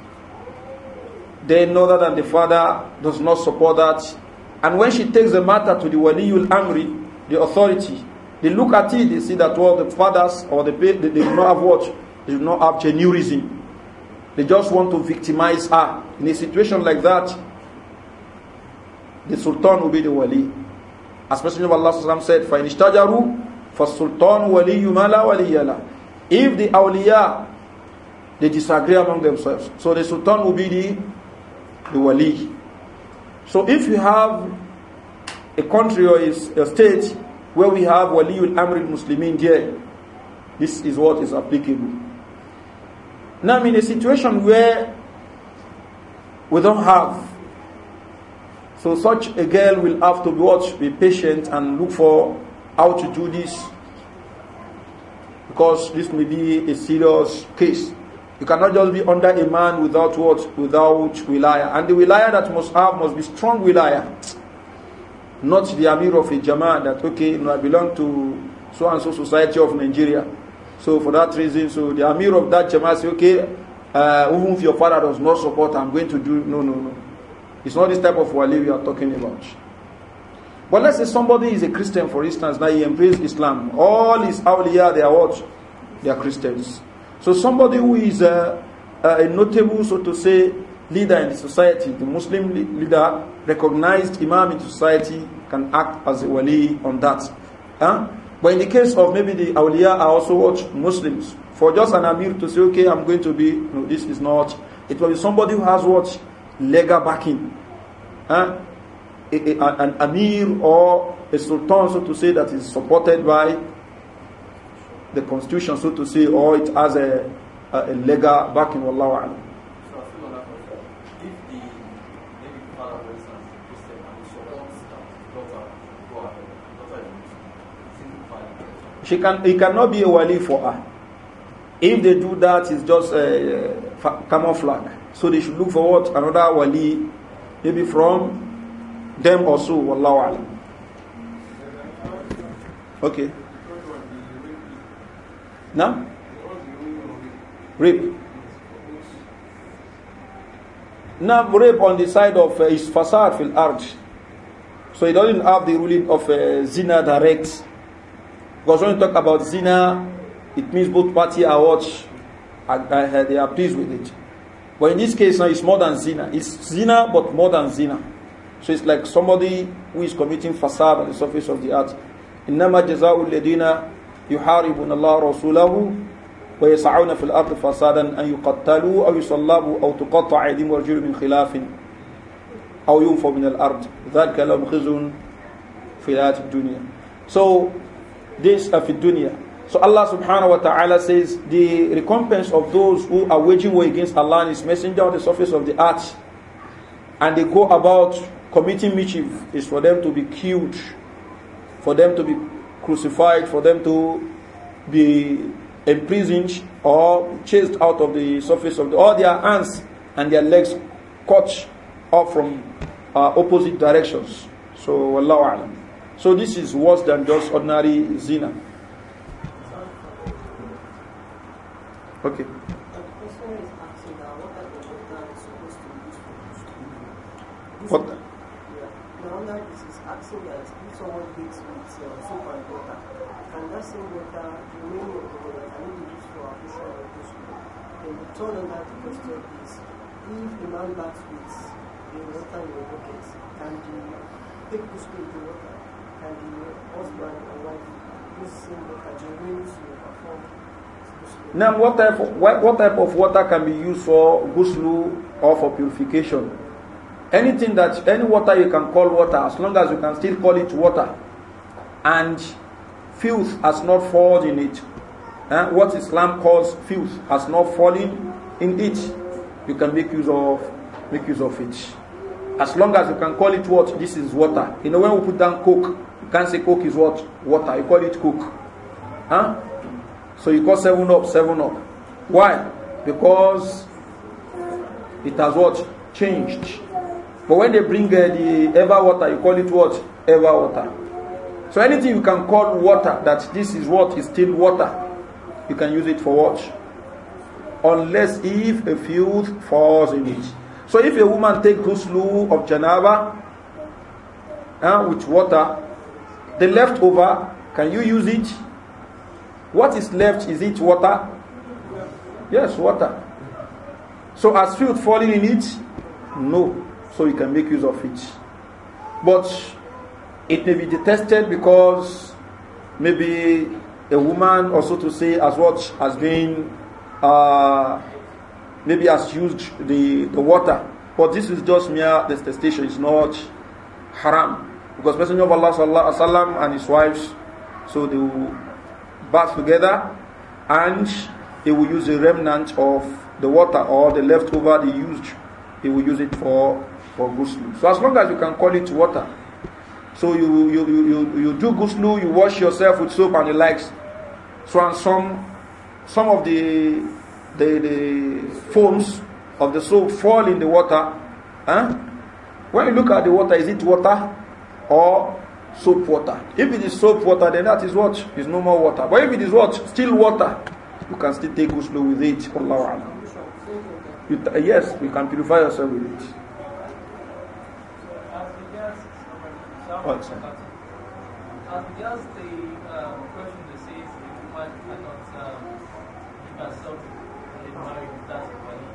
Then other than the father does not support that. And when she takes the matter to the waliul amri, the authority, They look at it, they see that well, the fathers or the they, they do not have what? They do not have reason. They just want to victimize her. In a situation like that, the Sultan will be the wali. As Messenger of Allah said, فَإِنْ اشْتَجَرُوا فَالسُّلْطَانُ وَلِيُّ Wali لَا وَلِيَّ If the awliya, they disagree among themselves. So the Sultan will be the, the wali. So if you have a country or a state where we have Waliul Amril Muslimin here, this is what is applicable. Now, I'm in a situation where we don't have, so such a girl will have to watch, be patient, and look for how to do this because this may be a serious case. You cannot just be under a man without what? Without wilaya. And the wilaya that must have must be strong wilaya. not the Amir of a Jama'ah that, okay, no, I belong to so and so society of Nigeria. So for that reason, so the Amir of that Jama'ah say, okay, uh, even if your father does not support, I'm going to do, no, no, no. It's not this type of wali we are talking about. But let's say somebody is a Christian, for instance, now he embraces Islam. All his awliya, they are what? They are Christians. So somebody who is a, uh, uh, a notable, so to say, leader in the society, the Muslim leader, recognized Imam in society, can act as a wali on that. Huh? But in the case of maybe the awliya are also what Muslims. For just an Amir to say, okay, I'm going to be, no, this is not. It will be somebody who has what? Legal backing. Huh? A, a, an Amir or a Sultan, so to say, that is supported by the constitution, so to say, or it has a, a, a legal backing, Wallahu A'lam. She can, he cannot be a wali for her. If they do that, it's just uh, uh, camouflage. So they should look for what? Another wali, maybe from them also. so. Wallahu alam. Okay. Now? Rape. Now, rape on the side of uh, his facade fil arj. So he doesn't have the ruling of uh, zina directs. Because when you talk about zina, it means both parties are what uh, they are pleased with it. But in this case, now it's more than zina. It's zina, but more than zina. So it's like somebody who is committing fasad on the surface of the earth. إنما جزاء الذين يحاربون الله ورسوله ويسعون في الأرض فسادا أن يقتلوا أو يصلبوا أو تقطع أيديهم وأرجلهم من خلاف أو ينفوا من الأرض ذلك لهم خزي في الحياة الدنيا. So This afidunya. So Allah subhanahu wa ta'ala says the recompense of those who are waging war against Allah and His Messenger on the surface of the earth and they go about committing mischief is for them to be killed, for them to be crucified, for them to be imprisoned or chased out of the surface of the or their hands and their legs cut off from uh, opposite directions. So Allah alam. So this is worse than just ordinary zina. Okay. What? The owner is asking that if someone with soap and water, can that same water remain in the water and be used for or Then the third under the question is, if the man with the water in the can the the water? and the husband and wife this symbol are the means to perform. Now, what type, of, what, type of water can be used for ghusl or for purification? Anything that, any water you can call water, as long as you can still call it water, and filth has not fallen in it. Eh? What Islam calls filth has not fallen in it. You can make use of make use of it. As long as you can call it what this is water. You know when we put down coke, can't say coke is what? Water. You call it coke. Huh? So you call 7 up, 7 up. Why? Because it has what? Changed. But when they bring uh, the ever water, you call it what? Ever water. So anything you can call water, that this is what is still water, you can use it for what? Unless if a field falls in it. So if a woman take ghusl of janaba uh, with water, the leftover, can you use it? What is left? Is it water? Yes, water. So as filth falling in it? No. So you can make use of it. But it may be detested because maybe a woman also to say as what has been uh, maybe has used the, the water. But this is just mere detestation, it's not haram. Because Messenger of Allah sallallahu alaihi wasallam and his wives, so they will bath together and they will use the remnant of the water or the leftover they used, they will use it for, for ghusl. So as long as you can call it water, so you, you, you, you, you do ghusl, you wash yourself with soap and the likes. So and some, some of the, the, the foams of the soap fall in the water. Huh? When you look at the water, is it water? or soap water. If it is soap water, then that is what? It's no more water. But if it is what? Still water, you can still take ghusl with it. Allah Alam. You yes, you can purify yourself with it. One second. As Just the um, question that says if you might cannot um, give herself in marriage without money,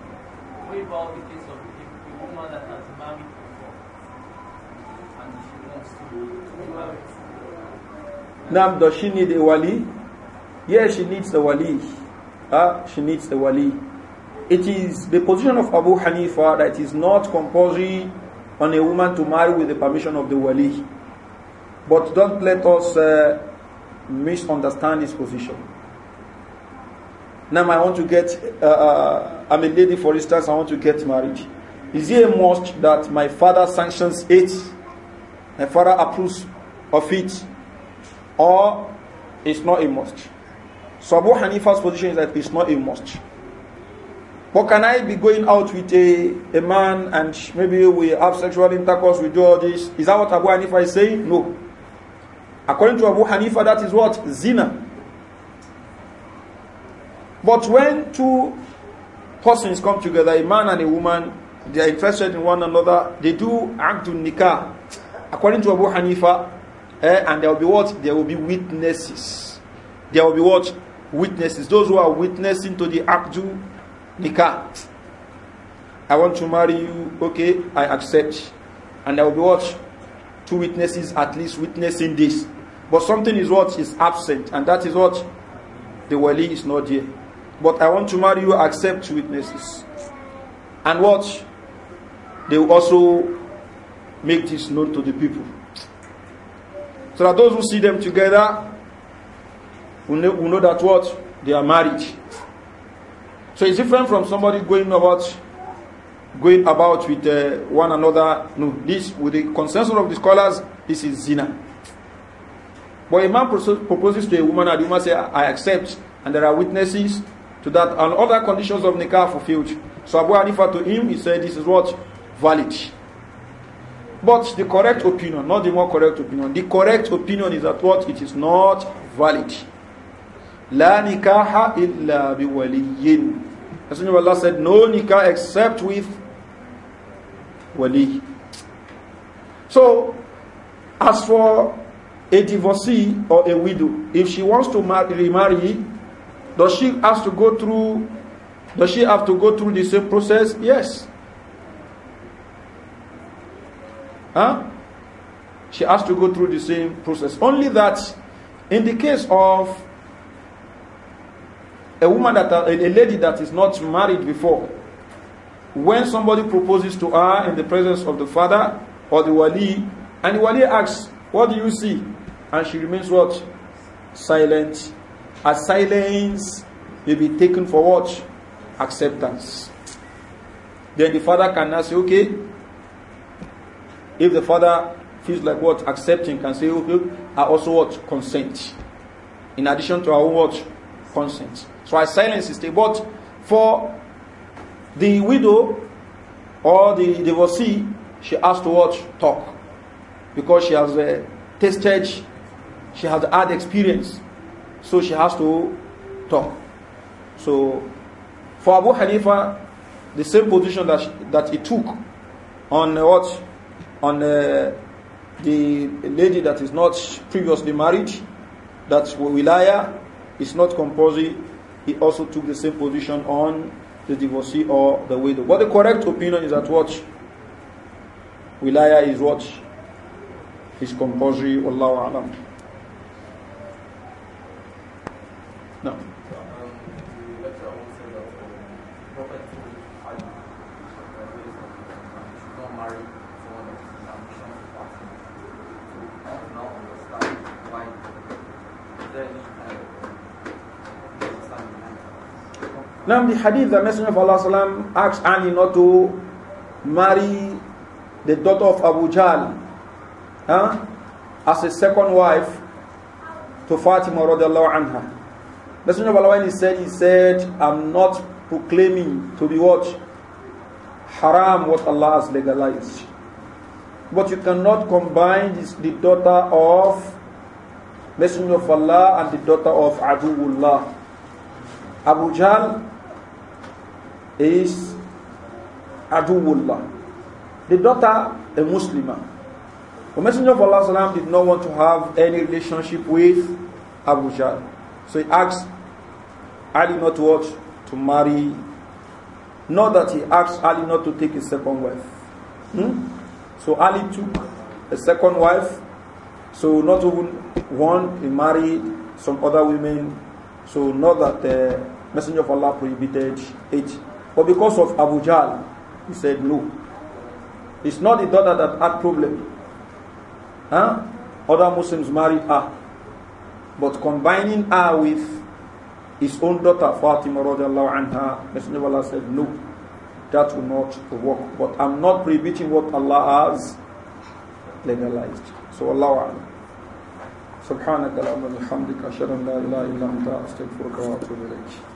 what about the case of if the woman that has married now, does she need a wali? Yes, she needs the wali. Ah, she needs the wali. It is the position of Abu Hanifa that it is not compulsory on a woman to marry with the permission of the wali. But don't let us uh, misunderstand his position. Now, I want to get, uh, uh I'm a lady, for instance, I want to get married. Is it a must that my father sanctions it? my father approves of it, or it's not a must. So Abu Hanifa's position is that it's not a must. But can I be going out with a, a man and maybe we have sexual intercourse, we do all this? Is that what Abu Hanifa is saying? No. According to Abu Hanifa, that is what? Zina. But when two persons come together, a man and a woman, they are interested in one another, they do act to nikah. according to Abu Hanifa, eh, and there will be what? There will be witnesses. There will be what? Witnesses. Those who are witnessing to the Akdu Nikah. I want to marry you. Okay, I accept. And there will be what? Two witnesses at least witnessing this. But something is what is absent, and that is what the wali is not here. But I want to marry you, accept witnesses. And what? They will also make this known to the people. So that those who see them together will know, will know that what? They are married. So it's different from somebody going about going about with uh, one another. No, this with the consensus of the scholars, this is zina. But a man proposes to a woman and the woman says, I accept, and there are witnesses to that, and other conditions of nikah fulfilled. So Abu Hanifa to him, he said, this is what? Valid. But the correct opinion, not the more correct opinion, the correct opinion is that what it is not valid. La nikaha illa biwaliyin. Messenger of Allah said, no nikah except with wali. So, as for a divorcee or a widow, if she wants to remarry, does she have to go through? Does she have to go through the same process? Yes. Huh? She has to go through the same process. Only that in the case of a woman that a lady that is not married before, when somebody proposes to her in the presence of the father or the wali, and the wali asks, What do you see? And she remains what? Silent. A silence may be taken for what? Acceptance. Then the father can now say, Okay, If the father feels like what accepting, can say, okay, I also what consent. In addition to our what consent. So I silence is the but for the widow or the divorcee, she has to watch talk because she has uh, tasted, she has had experience, so she has to talk. So for Abu Hanifa, the same position that, she, that he took on what on uh, the lady that is not previously married, that wilaya is not compulsory. He also took the same position on the divorcee or the widow. But the correct opinion is that what wilaya is what is compulsory. Allahu alam. Now. Now, the hadith, the Messenger of Allah asked Ali not to marry the daughter of Abu Jahl huh, as a second wife to Fatima radiallahu anha. Messenger of Allah, when he said, he said, I'm not proclaiming to be what? Haram what Allah has legalized. But you cannot combine this, the daughter of Messenger of Allah and the daughter of Aduullah. Abu Jahl is Aduwullah. The daughter, a Muslimah. The Messenger of Allah salam, did not want to have any relationship with Abu Jahl. So he asked Ali not to watch, to marry. Not that he asked Ali not to take a second wife. Hmm? So Ali took a second wife. So not even one, he married some other women. So not that the uh, Messenger of Allah prohibited it. But because of Abu Jahl, he said no. It's not the daughter that had problem. Huh? Other Muslims married her. But combining her with his own daughter Fatima radiallahu anha, Messenger of Allah said no. That will not work. But I'm not prohibiting what Allah has legalized. So Allah alam. سبحانك اللهم وبحمدك اشهد ان لا اله الا انت استغفرك واتوب اليك